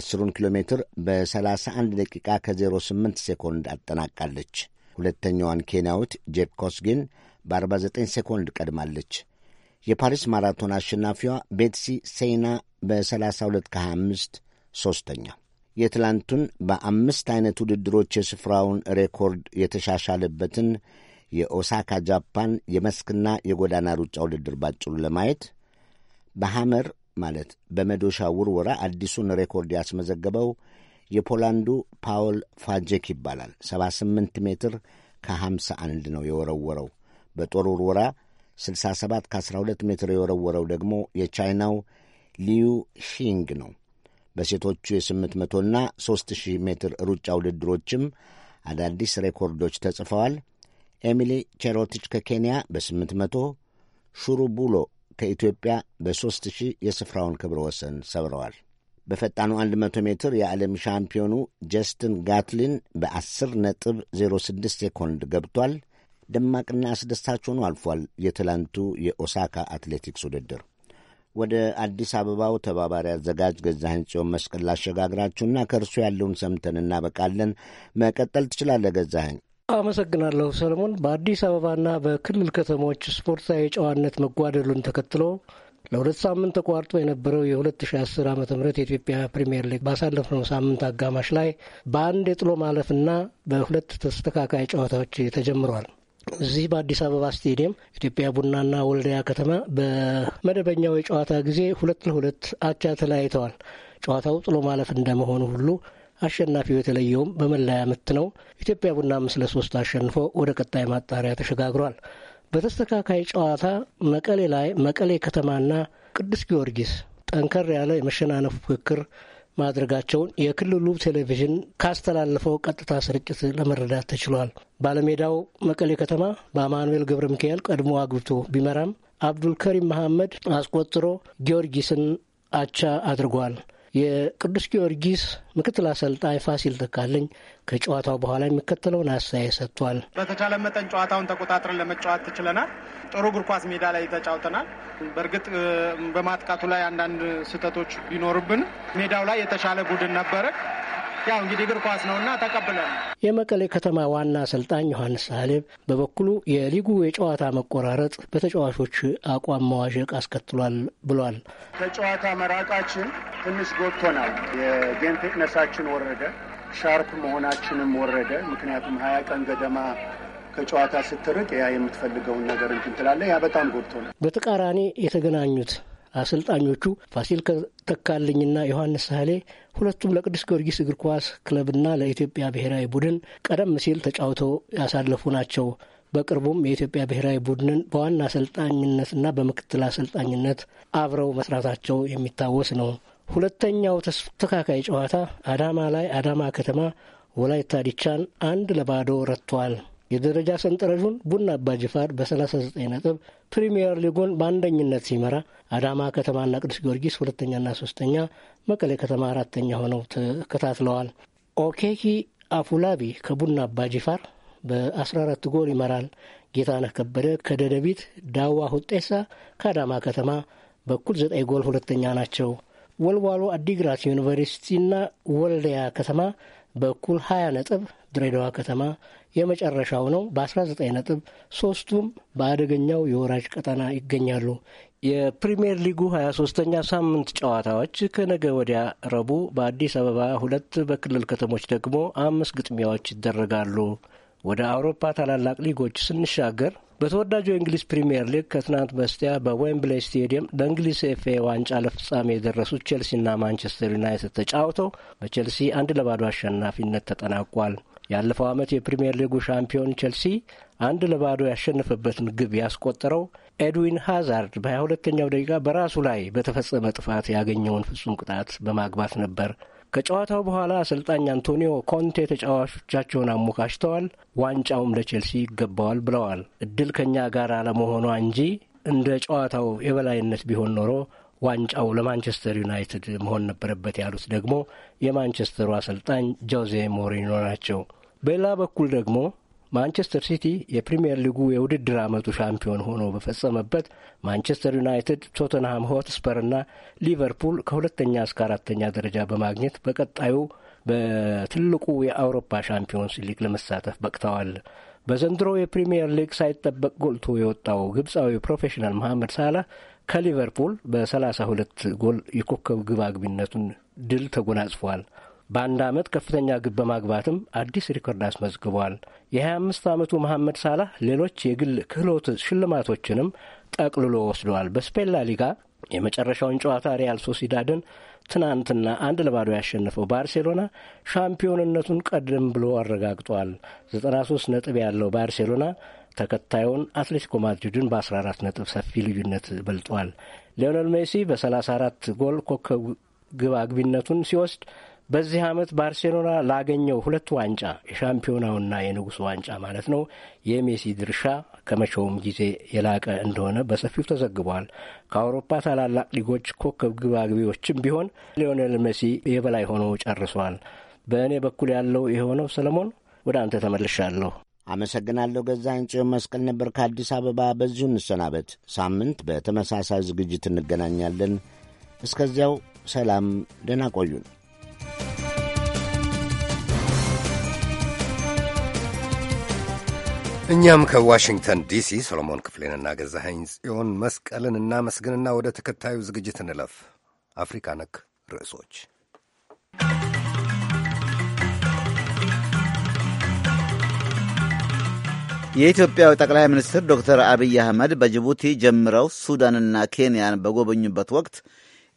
10ሩን ኪሎ ሜትር በ31 ደቂቃ ከ08 ሴኮንድ አጠናቃለች። ሁለተኛዋን ኬንያዊት ጄፕኮስ ግን በ49 ሴኮንድ ቀድማለች። የፓሪስ ማራቶን አሸናፊዋ ቤትሲ ሴይና በ32 ከ25 ሦስተኛ የትላንቱን በአምስት አይነት ውድድሮች የስፍራውን ሬኮርድ የተሻሻለበትን የኦሳካ ጃፓን የመስክና የጎዳና ሩጫ ውድድር ባጭሩ ለማየት በሐመር ማለት በመዶሻ ውርወራ አዲሱን ሬኮርድ ያስመዘገበው የፖላንዱ ፓውል ፋጄክ ይባላል። 78 ሜትር ከ51 ነው የወረወረው። በጦር ውርወራ 67 ከ12 ሜትር የወረወረው ደግሞ የቻይናው ሊዩ ሺንግ ነው። በሴቶቹ የ 800 ሦስት 3000 ሜትር ሩጫ ውድድሮችም አዳዲስ ሬኮርዶች ተጽፈዋል። ኤሚሊ ቼሮቲች ከኬንያ በ800፣ ሹሩ ቡሎ ከኢትዮጵያ በ3000 የስፍራውን ክብረ ወሰን ሰብረዋል። በፈጣኑ 100 ሜትር የዓለም ሻምፒዮኑ ጀስትን ጋትሊን በ10 ነጥብ 06 ሴኮንድ ገብቷል። ደማቅና አስደሳች ሆኖ አልፏል። የትላንቱ የኦሳካ አትሌቲክስ ውድድር ወደ አዲስ አበባው ተባባሪ አዘጋጅ ገዛኸኝ ጽዮን መስቀል ላሸጋግራችሁና ከእርሱ ያለውን ሰምተን እናበቃለን። መቀጠል ትችላለህ ገዛኸኝ። አመሰግናለሁ ሰለሞን። በአዲስ አበባና በክልል ከተሞች ስፖርታዊ ጨዋነት መጓደሉን ተከትሎ ለሁለት ሳምንት ተቋርጦ የነበረው የ2010 ዓ ም የኢትዮጵያ ፕሪምየር ሊግ ባሳለፍነው ሳምንት አጋማሽ ላይ በአንድ የጥሎ ማለፍና በሁለት ተስተካካይ ጨዋታዎች ተጀምሯል። እዚህ በአዲስ አበባ ስቴዲየም ኢትዮጵያ ቡናና ወልዳያ ከተማ በመደበኛው የጨዋታ ጊዜ ሁለት ለሁለት አቻ ተለያይተዋል። ጨዋታው ጥሎ ማለፍ እንደመሆኑ ሁሉ አሸናፊው የተለየውም በመለያ ምት ነው። ኢትዮጵያ ቡና አምስት ሶስት አሸንፎ ወደ ቀጣይ ማጣሪያ ተሸጋግሯል። በተስተካካይ ጨዋታ መቀሌ ላይ መቀሌ ከተማና ቅዱስ ጊዮርጊስ ጠንከር ያለ የመሸናነፍ ፉክክር ማድረጋቸውን የክልሉ ቴሌቪዥን ካስተላለፈው ቀጥታ ስርጭት ለመረዳት ተችሏል። ባለሜዳው መቀሌ ከተማ በአማኑኤል ገብረ ሚካኤል ቀድሞ አግብቶ ቢመራም አብዱልከሪም መሐመድ አስቆጥሮ ጊዮርጊስን አቻ አድርጓል። የቅዱስ ጊዮርጊስ ምክትል አሰልጣኝ ፋሲል ተካለኝ ከጨዋታው በኋላ የሚከተለውን አስተያየት ሰጥቷል። በተቻለ መጠን ጨዋታውን ተቆጣጥረን ለመጫወት ትችለናል። ጥሩ እግር ኳስ ሜዳ ላይ ተጫውተናል። በእርግጥ በማጥቃቱ ላይ አንዳንድ ስህተቶች ቢኖርብን ሜዳው ላይ የተሻለ ቡድን ነበረ። ያው እንግዲህ እግር ኳስ ነውና ተቀብለን። የመቀሌ ከተማ ዋና አሰልጣኝ ዮሐንስ ሳሌብ በበኩሉ የሊጉ የጨዋታ መቆራረጥ በተጫዋቾች አቋም መዋዠቅ አስከትሏል ብሏል። ከጨዋታ መራቃችን ትንሽ ጎድቶናል። የጌም ፊትነሳችን ወረደ። ሻርፕ መሆናችንም ወረደ። ምክንያቱም ሀያ ቀን ገደማ ከጨዋታ ስትርቅ ያ የምትፈልገውን ነገር እንትን ትላለህ። ያ በጣም ጎድቶ ነው። በተቃራኒ የተገናኙት አሰልጣኞቹ ፋሲል ተካልኝና ዮሐንስ ሳህሌ ሁለቱም ለቅዱስ ጊዮርጊስ እግር ኳስ ክለብና ለኢትዮጵያ ብሔራዊ ቡድን ቀደም ሲል ተጫውተው ያሳለፉ ናቸው። በቅርቡም የኢትዮጵያ ብሔራዊ ቡድንን በዋና አሰልጣኝነትና በምክትል አሰልጣኝነት አብረው መስራታቸው የሚታወስ ነው። ሁለተኛው ተስተካካይ ጨዋታ አዳማ ላይ አዳማ ከተማ ወላይታ ዲቻን አንድ ለባዶ ረትቷል። የደረጃ ሰንጠረዡን ቡና አባጅፋር በ39 ነጥብ ፕሪምየር ሊጉን በአንደኝነት ሲመራ አዳማ ከተማና ቅዱስ ጊዮርጊስ ሁለተኛና ሶስተኛ፣ መቀሌ ከተማ አራተኛ ሆነው ተከታትለዋል። ኦኬኪ አፉላቢ ከቡና አባጅፋር በ14 ጎል ይመራል። ጌታነህ ከበደ ከደደቢት፣ ዳዋ ሁጤሳ ከአዳማ ከተማ በኩል ዘጠኝ ጎል ሁለተኛ ናቸው። ወልዋሎ አዲግራት ዩኒቨርሲቲና ወልዲያ ከተማ በኩል 20 ነጥብ፣ ድሬዳዋ ከተማ የመጨረሻው ነው በ19 ነጥብ። ሶስቱም በአደገኛው የወራጅ ቀጠና ይገኛሉ። የፕሪምየር ሊጉ 23ኛ ሳምንት ጨዋታዎች ከነገ ወዲያ ረቡዕ በአዲስ አበባ ሁለት፣ በክልል ከተሞች ደግሞ አምስት ግጥሚያዎች ይደረጋሉ። ወደ አውሮፓ ታላላቅ ሊጎች ስንሻገር በተወዳጁ የእንግሊዝ ፕሪምየር ሊግ ከትናንት በስቲያ በዌምብሌይ ስቴዲየም ለእንግሊዝ ኤፍኤ ዋንጫ ለፍጻሜ የደረሱት ቼልሲና ማንቸስተር ዩናይትድ ተጫውተው በቼልሲ አንድ ለባዶ አሸናፊነት ተጠናቋል። ያለፈው ዓመት የፕሪምየር ሊጉ ሻምፒዮን ቼልሲ አንድ ለባዶ ያሸነፈበትን ግብ ያስቆጠረው ኤድዊን ሃዛርድ በ22ኛው ደቂቃ በራሱ ላይ በተፈጸመ ጥፋት ያገኘውን ፍጹም ቅጣት በማግባት ነበር። ከጨዋታው በኋላ አሰልጣኝ አንቶኒዮ ኮንቴ ተጫዋቾቻቸውን አሞካሽተዋል። ዋንጫውም ለቼልሲ ይገባዋል ብለዋል። እድል ከእኛ ጋር አለመሆኗ እንጂ እንደ ጨዋታው የበላይነት ቢሆን ኖሮ ዋንጫው ለማንቸስተር ዩናይትድ መሆን ነበረበት ያሉት ደግሞ የማንቸስተሩ አሰልጣኝ ጆዜ ሞሪኖ ናቸው። በሌላ በኩል ደግሞ ማንቸስተር ሲቲ የፕሪምየር ሊጉ የውድድር ዓመቱ ሻምፒዮን ሆኖ በፈጸመበት ማንቸስተር ዩናይትድ፣ ቶተንሃም ሆትስፐርና ሊቨርፑል ከሁለተኛ እስከ አራተኛ ደረጃ በማግኘት በቀጣዩ በትልቁ የአውሮፓ ሻምፒዮንስ ሊግ ለመሳተፍ በቅተዋል። በዘንድሮ የፕሪምየር ሊግ ሳይጠበቅ ጎልቶ የወጣው ግብፃዊ ፕሮፌሽናል መሐመድ ሳላህ ከሊቨርፑል በሰላሳ ሁለት ጎል የኮከብ ግብ አግቢነቱን ድል ተጎናጽፏል። በአንድ ዓመት ከፍተኛ ግብ በማግባትም አዲስ ሪኮርድ አስመዝግቧል። የ25 ዓመቱ መሐመድ ሳላህ ሌሎች የግል ክህሎት ሽልማቶችንም ጠቅልሎ ወስደዋል። በስፔን ሊጋ የመጨረሻውን ጨዋታ ሪያል ሶሲዳድን ትናንትና አንድ ለባዶ ያሸነፈው ባርሴሎና ሻምፒዮንነቱን ቀደም ብሎ አረጋግጧል። 93 ነጥብ ያለው ባርሴሎና ተከታዩን አትሌቲኮ ማድሪድን በ14 ነጥብ ሰፊ ልዩነት በልጧል። ሊዮነል ሜሲ በ34 ጎል ኮከብ ግብ አግቢነቱን ሲወስድ በዚህ ዓመት ባርሴሎና ላገኘው ሁለት ዋንጫ የሻምፒዮናውና የንጉሥ ዋንጫ ማለት ነው የሜሲ ድርሻ ከመቼውም ጊዜ የላቀ እንደሆነ በሰፊው ተዘግቧል። ከአውሮፓ ታላላቅ ሊጎች ኮከብ ግባግቢዎችም ቢሆን ሊዮኔል ሜሲ የበላይ ሆኖ ጨርሷል። በእኔ በኩል ያለው የሆነው ሰለሞን፣ ወደ አንተ ተመልሻለሁ። አመሰግናለሁ። ገዛኸኝ ጽዮን መስቀል ነበር ከአዲስ አበባ። በዚሁ እንሰናበት። ሳምንት በተመሳሳይ ዝግጅት እንገናኛለን። እስከዚያው ሰላም፣ ደህና ቆዩን። እኛም ከዋሽንግተን ዲሲ ሰሎሞን ክፍሌንና ገዛኸኝ ጽዮን መስቀልን እናመስግንና ወደ ተከታዩ ዝግጅት እንለፍ። አፍሪካ ነክ ርዕሶች የኢትዮጵያው ጠቅላይ ሚኒስትር ዶክተር አብይ አህመድ በጅቡቲ ጀምረው ሱዳንና ኬንያን በጎበኙበት ወቅት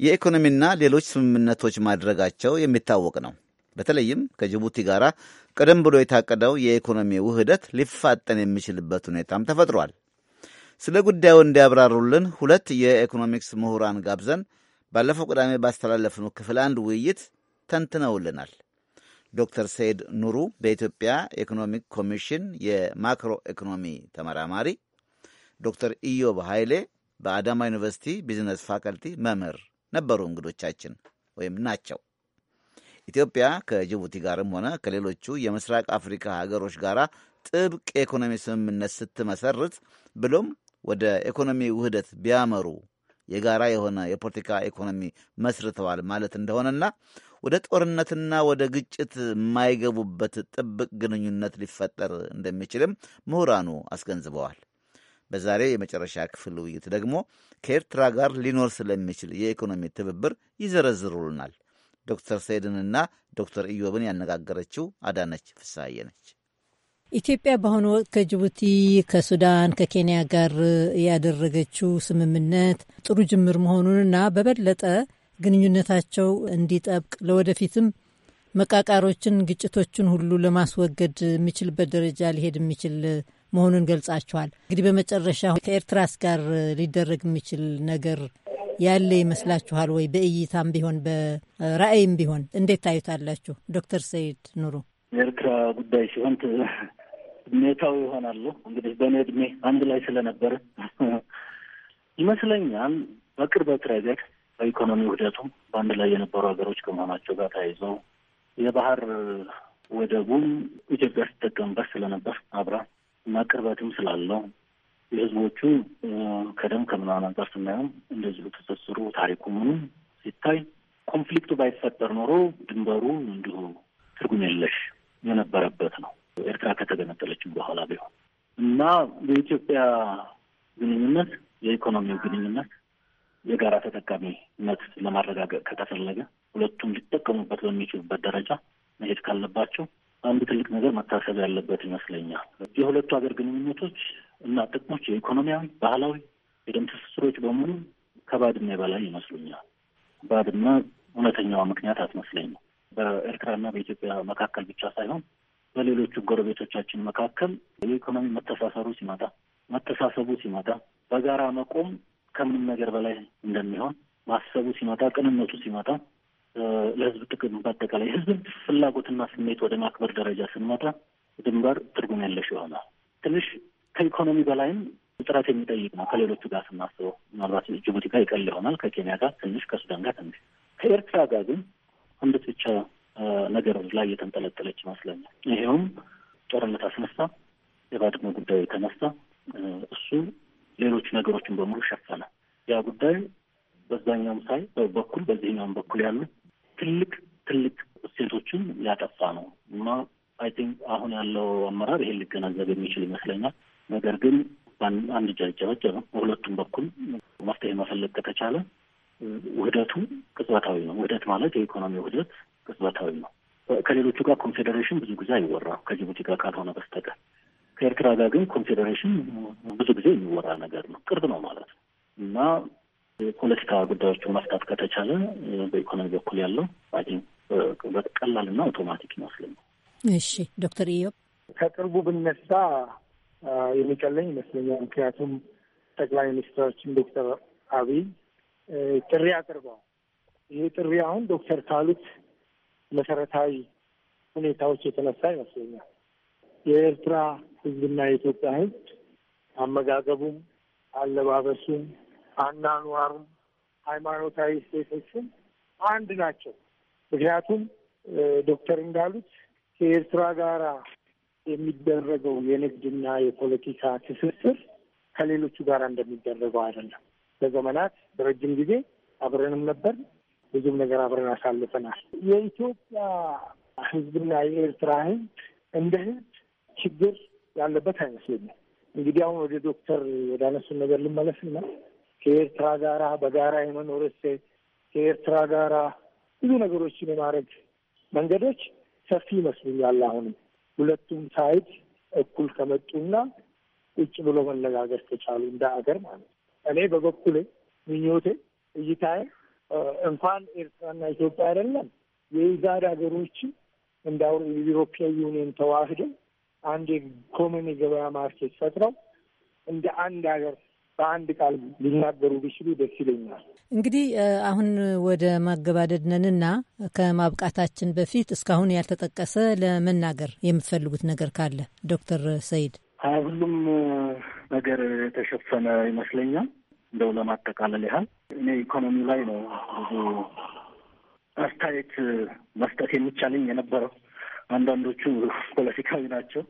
የኢኮኖሚና ሌሎች ስምምነቶች ማድረጋቸው የሚታወቅ ነው። በተለይም ከጅቡቲ ጋር ቀደም ብሎ የታቀደው የኢኮኖሚ ውህደት ሊፋጠን የሚችልበት ሁኔታም ተፈጥሯል። ስለ ጉዳዩ እንዲያብራሩልን ሁለት የኢኮኖሚክስ ምሁራን ጋብዘን ባለፈው ቅዳሜ ባስተላለፍነው ክፍል አንድ ውይይት ተንትነውልናል። ዶክተር ሰይድ ኑሩ በኢትዮጵያ ኢኮኖሚክ ኮሚሽን የማክሮ ኢኮኖሚ ተመራማሪ፣ ዶክተር ኢዮብ ኃይሌ በአዳማ ዩኒቨርሲቲ ቢዝነስ ፋከልቲ መምህር ነበሩ እንግዶቻችን ወይም ናቸው። ኢትዮጵያ ከጅቡቲ ጋርም ሆነ ከሌሎቹ የምስራቅ አፍሪካ ሀገሮች ጋር ጥብቅ የኢኮኖሚ ስምምነት ስትመሰርት ብሎም ወደ ኢኮኖሚ ውህደት ቢያመሩ የጋራ የሆነ የፖለቲካ ኢኮኖሚ መስርተዋል ማለት እንደሆነና ወደ ጦርነትና ወደ ግጭት የማይገቡበት ጥብቅ ግንኙነት ሊፈጠር እንደሚችልም ምሁራኑ አስገንዝበዋል። በዛሬ የመጨረሻ ክፍል ውይይት ደግሞ ከኤርትራ ጋር ሊኖር ስለሚችል የኢኮኖሚ ትብብር ይዘረዝሩልናል። ዶክተር ሰይድንና ዶክተር ኢዮብን ያነጋገረችው አዳነች ፍሳዬ ነች። ኢትዮጵያ በአሁኑ ወቅት ከጅቡቲ፣ ከሱዳን፣ ከኬንያ ጋር ያደረገችው ስምምነት ጥሩ ጅምር መሆኑንና በበለጠ ግንኙነታቸው እንዲጠብቅ ለወደፊትም መቃቃሮችን፣ ግጭቶችን ሁሉ ለማስወገድ የሚችልበት ደረጃ ሊሄድ የሚችል መሆኑን ገልጻቸዋል። እንግዲህ በመጨረሻ ከኤርትራስ ጋር ሊደረግ የሚችል ነገር ያለ ይመስላችኋል ወይ? በእይታም ቢሆን በራዕይም ቢሆን እንዴት ታዩታላችሁ? ዶክተር ሰይድ ኑሩ የኤርትራ ጉዳይ ሲሆን ስሜታዊ ይሆናሉ። እንግዲህ በእኔ እድሜ አንድ ላይ ስለነበረ ይመስለኛል በቅርበት ረገድ በኢኮኖሚ ውህደቱ በአንድ ላይ የነበሩ ሀገሮች ከመሆናቸው ጋር ተያይዘው የባህር ወደቡም ኢትዮጵያ ስትጠቀምበት ስለነበር አብራ እና ቅርበትም ስላለው የህዝቦቹ ከደም ከምናምን አንጻር ስናየውም እንደዚሁ ትስስሩ ታሪኩ ምኑም ሲታይ ኮንፍሊክቱ ባይፈጠር ኖሮ ድንበሩ እንዲሁ ትርጉም የለሽ የነበረበት ነው ኤርትራ ከተገነጠለችም በኋላ ቢሆን እና የኢትዮጵያ ግንኙነት የኢኮኖሚው ግንኙነት የጋራ ተጠቃሚነት ለማረጋገጥ ከተፈለገ ሁለቱም ሊጠቀሙበት በሚችሉበት ደረጃ መሄድ ካለባቸው አንድ ትልቅ ነገር መታሰብ ያለበት ይመስለኛል። የሁለቱ ሀገር ግንኙነቶች እና ጥቅሞች የኢኮኖሚያዊ፣ ባህላዊ፣ የደም ትስስሮች በሙሉ ከባድመ በላይ ይመስሉኛል። ባድመ እውነተኛዋ ምክንያት አትመስለኝም። በኤርትራና በኢትዮጵያ መካከል ብቻ ሳይሆን በሌሎቹ ጎረቤቶቻችን መካከል የኢኮኖሚ መተሳሰሩ ሲመጣ መተሳሰቡ ሲመጣ በጋራ መቆም ከምንም ነገር በላይ እንደሚሆን ማሰቡ ሲመጣ ቅንነቱ ሲመጣ ለህዝብ ጥቅም በአጠቃላይ ህዝብን ፍላጎትና ስሜት ወደ ማክበር ደረጃ ስንመጣ ድንበር ትርጉም የለሽ ይሆናል። ትንሽ ከኢኮኖሚ በላይም ጥረት የሚጠይቅ ነው። ከሌሎቹ ጋር ስናስበው ምናልባት ጅቡቲ ጋር ይቀል ይሆናል፣ ከኬንያ ጋር ትንሽ፣ ከሱዳን ጋር ትንሽ። ከኤርትራ ጋር ግን አንድ ብቻ ነገሮች ላይ እየተንጠለጠለች ይመስለኛል። ይሄውም ጦርነት አስነሳ፣ የባድመ ጉዳይ ተነሳ። እሱ ሌሎች ነገሮችን በሙሉ ሸፈነ። ያ ጉዳይ በዛኛውም ሳይ በኩል በዚህኛውም በኩል ያሉ ትልቅ ትልቅ እሴቶችን ያጠፋ ነው እና አይ ቲንክ አሁን ያለው አመራር ይሄን ሊገነዘብ የሚችል ይመስለኛል። ነገር ግን አንድ ጃጃዎች በሁለቱም በኩል መፍትሄ መፈለግ ከተቻለ ውህደቱ ቅጽበታዊ ነው። ውህደት ማለት የኢኮኖሚ ውህደት ቅጽበታዊ ነው። ከሌሎቹ ጋር ኮንፌዴሬሽን ብዙ ጊዜ አይወራም፣ ከጅቡቲ ጋር ካልሆነ በስተቀር ከኤርትራ ጋር ግን ኮንፌዴሬሽን ብዙ ጊዜ የሚወራ ነገር ነው። ቅርብ ነው ማለት ነው እና የፖለቲካ ጉዳዮችን መፍታት ከተቻለ በኢኮኖሚ በኩል ያለው ቀላልና አውቶማቲክ ይመስልም። እሺ ዶክተር ኢዮብ ከቅርቡ ብነሳ የሚቀለኝ ይመስለኛል። ምክንያቱም ጠቅላይ ሚኒስትራችን ዶክተር አብይ ጥሪ አቅርበው ይህ ጥሪ አሁን ዶክተር ካሉት መሰረታዊ ሁኔታዎች የተነሳ ይመስለኛል። የኤርትራ ሕዝብና የኢትዮጵያ ሕዝብ አመጋገቡም፣ አለባበሱም፣ አናኗሩም፣ ሃይማኖታዊ ስቴቶችም አንድ ናቸው። ምክንያቱም ዶክተር እንዳሉት ከኤርትራ ጋራ የሚደረገው የንግድና የፖለቲካ ትስስር ከሌሎቹ ጋር እንደሚደረገው አይደለም። በዘመናት በረጅም ጊዜ አብረንም ነበር፣ ብዙም ነገር አብረን አሳልፈናል። የኢትዮጵያ ሕዝብና የኤርትራ ሕዝብ እንደ ሕዝብ ችግር ያለበት አይመስለኛል። እንግዲህ አሁን ወደ ዶክተር ወዳነሱን ነገር ልመለስና ከኤርትራ ጋራ በጋራ የመኖር እሴት ከኤርትራ ጋራ ብዙ ነገሮችን የማድረግ መንገዶች ሰፊ ይመስሉኛል አሁንም ሁለቱም ሳይድ እኩል ከመጡና ቁጭ ብሎ መነጋገር ተቻሉ እንደ አገር ማለት ነው። እኔ በበኩሌ ምኞቴ፣ እይታዬ እንኳን ኤርትራና ኢትዮጵያ አይደለም የኢዛድ ሀገሮች እንደ ዩሮፒያን ዩኒየን ተዋህደው አንድ የኮመን የገበያ ማርኬት ፈጥረው እንደ አንድ ሀገር በአንድ ቃል ሊናገሩ ቢችሉ ደስ ይለኛል። እንግዲህ አሁን ወደ ማገባደድ ነንና ከማብቃታችን በፊት እስካሁን ያልተጠቀሰ ለመናገር የምትፈልጉት ነገር ካለ ዶክተር ሰይድ። ሁሉም ነገር የተሸፈነ ይመስለኛል። እንደው ለማጠቃለል ያህል እኔ ኢኮኖሚ ላይ ነው ብዙ አስተያየት መስጠት የሚቻለኝ የነበረው። አንዳንዶቹ ፖለቲካዊ ናቸው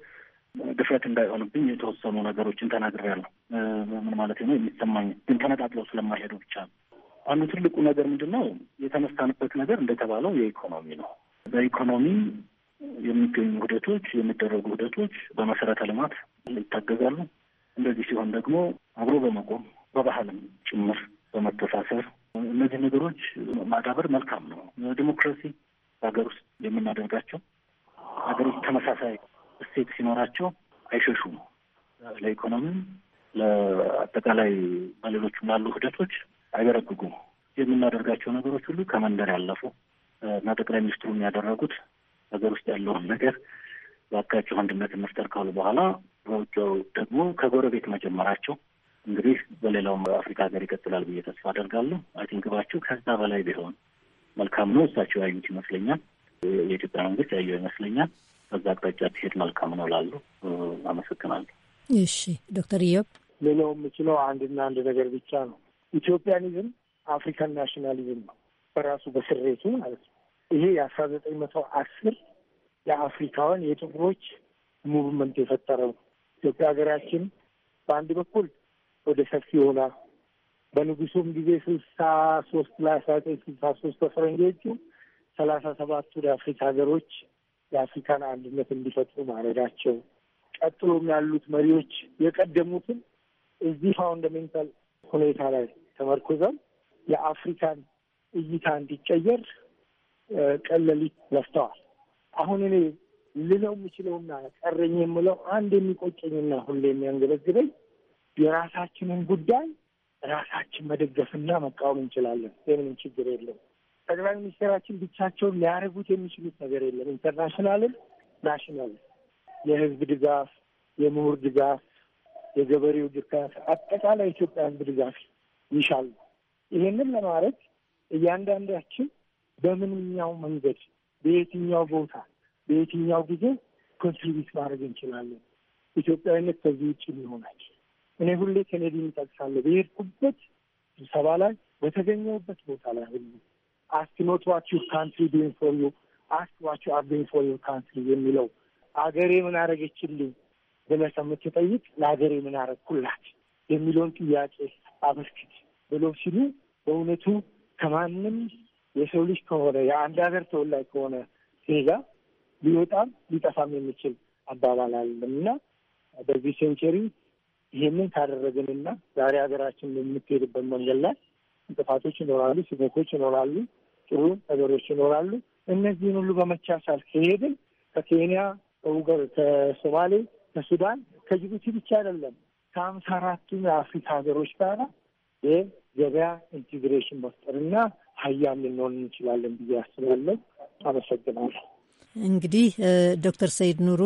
ድፍረት እንዳይሆንብኝ የተወሰኑ ነገሮችን ተናግሬያለሁ። ምን ማለት ነው የሚሰማኝ ግን ተነጣጥለው ስለማይሄዱ ብቻ ነው። አንዱ ትልቁ ነገር ምንድን ነው የተነሳንበት ነገር እንደተባለው የኢኮኖሚ ነው። በኢኮኖሚ የሚገኙ ውህደቶች፣ የሚደረጉ ውህደቶች በመሰረተ ልማት ይታገዛሉ። እንደዚህ ሲሆን ደግሞ አብሮ በመቆም በባህልም ጭምር በመተሳሰር እነዚህ ነገሮች ማዳበር መልካም ነው። ዲሞክራሲ ዶክተር ሌላው የምችለው አንድና አንድ ነገር ብቻ ነው። ኢትዮጵያኒዝም አፍሪካን ናሽናሊዝም ነው በራሱ በስሬቱ ማለት ነው። ይሄ የአስራ ዘጠኝ መቶ አስር የአፍሪካውያን የጥቁሮች ሙቭመንት የፈጠረው ኢትዮጵያ ሀገራችን በአንድ በኩል ወደ ሰፊ ሆና በንጉሱም ጊዜ ስልሳ ሶስት ላይ አስራ ዘጠኝ ስልሳ ሶስት በፈረንጆቹ ሰላሳ ሰባቱ የአፍሪካ ሀገሮች የአፍሪካን አንድነት እንዲፈጥሩ ማድረጋቸው ቀጥሎም ያሉት መሪዎች የቀደሙትን እዚህ ፋውንደሜንታል ሁኔታ ላይ ተመርኩዘን የአፍሪካን እይታ እንዲቀየር ቀለሊት ለፍተዋል። አሁን እኔ ልለው የምችለውና ቀረኝ የምለው አንድ የሚቆጨኝና ሁሌ የሚያንገበግበኝ የራሳችንን ጉዳይ ራሳችን መደገፍና መቃወም እንችላለን። የምንም ችግር የለም። ጠቅላይ ሚኒስትራችን ብቻቸውን ሊያደርጉት የሚችሉት ነገር የለም። ኢንተርናሽናልን ናሽናልን የህዝብ ድጋፍ፣ የምሁር ድጋፍ፣ የገበሬው ድጋፍ፣ አጠቃላይ ኢትዮጵያ ህዝብ ድጋፍ ይሻል። ይህንን ለማድረግ እያንዳንዳችን በምንኛው መንገድ በየትኛው ቦታ በየትኛው ጊዜ ኮንትሪቢዩት ማድረግ እንችላለን። ኢትዮጵያዊነት ከዚህ ውጭ ሊሆናል። እኔ ሁሌ ኬኔዲን እጠቅሳለሁ። በሄድኩበት ስብሰባ ላይ በተገኘሁበት ቦታ ላይ ሁሉ አስክ ኖት ዋት ዩር ካንትሪ ዶይንግ ፎር ዩ አስክ ዋት ዩ አር ዶይንግ ፎር ዩር ካንትሪ የሚለው አገሬ ምን አረገችልኝ ብለህ ከምትጠይቅ ለሀገሬ ምን አረግኩላት የሚለውን ጥያቄ አመልክት ብሎ ሲሉ በእውነቱ ከማንም የሰው ልጅ ከሆነ የአንድ ሀገር ተወላጅ ከሆነ ዜጋ ሊወጣም ሊጠፋም የሚችል አባባል አለም እና በዚህ ሴንቸሪ ይህንን ካደረግንና ዛሬ ሀገራችን የምትሄድበት መንገድ ላይ እንጥፋቶች ይኖራሉ፣ ስሜቶች ይኖራሉ፣ ጥሩ ነገሮች ይኖራሉ። እነዚህን ሁሉ በመቻቻል ከሄድን ከኬንያ ከውገር ከሶማሌ ከሱዳን ከጅቡቲ ብቻ አይደለም ከሀምሳ አራቱ የአፍሪካ ሀገሮች ጋር የገበያ ኢንቲግሬሽን መፍጠርና ሀያል ልንሆን እንችላለን ብዬ አስባለሁ። አመሰግናለሁ። እንግዲህ ዶክተር ሰይድ ኑሩ፣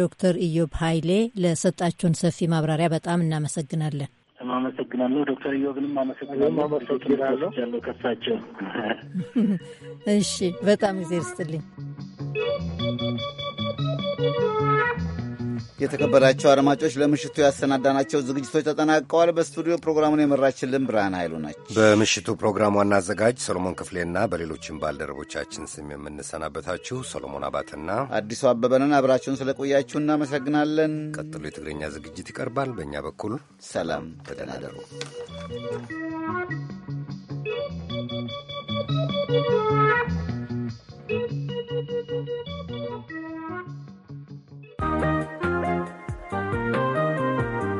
ዶክተር ኢዮብ ሀይሌ ለሰጣችሁን ሰፊ ማብራሪያ በጣም እናመሰግናለን። አመሰግናለሁ ዶክተር ኢዮብንም አመሰግናለሁ። አመሰግናለሁ ከሳቸው። እሺ፣ በጣም ጊዜ ይስጥልኝ። የተከበራቸው አድማጮች ለምሽቱ ያሰናዳናቸው ዝግጅቶች ተጠናቀዋል። በስቱዲዮ ፕሮግራሙን የመራችልን ብርሃን ኃይሉ ነች። በምሽቱ ፕሮግራም ዋና አዘጋጅ ሰሎሞን ክፍሌና በሌሎችም ባልደረቦቻችን ስም የምንሰናበታችሁ ሰሎሞን አባትና አዲሱ አበበንን አብራችሁን ስለቆያችሁ እናመሰግናለን። ቀጥሎ የትግርኛ ዝግጅት ይቀርባል። በእኛ በኩል ሰላም፣ ተደናደሩ። Thank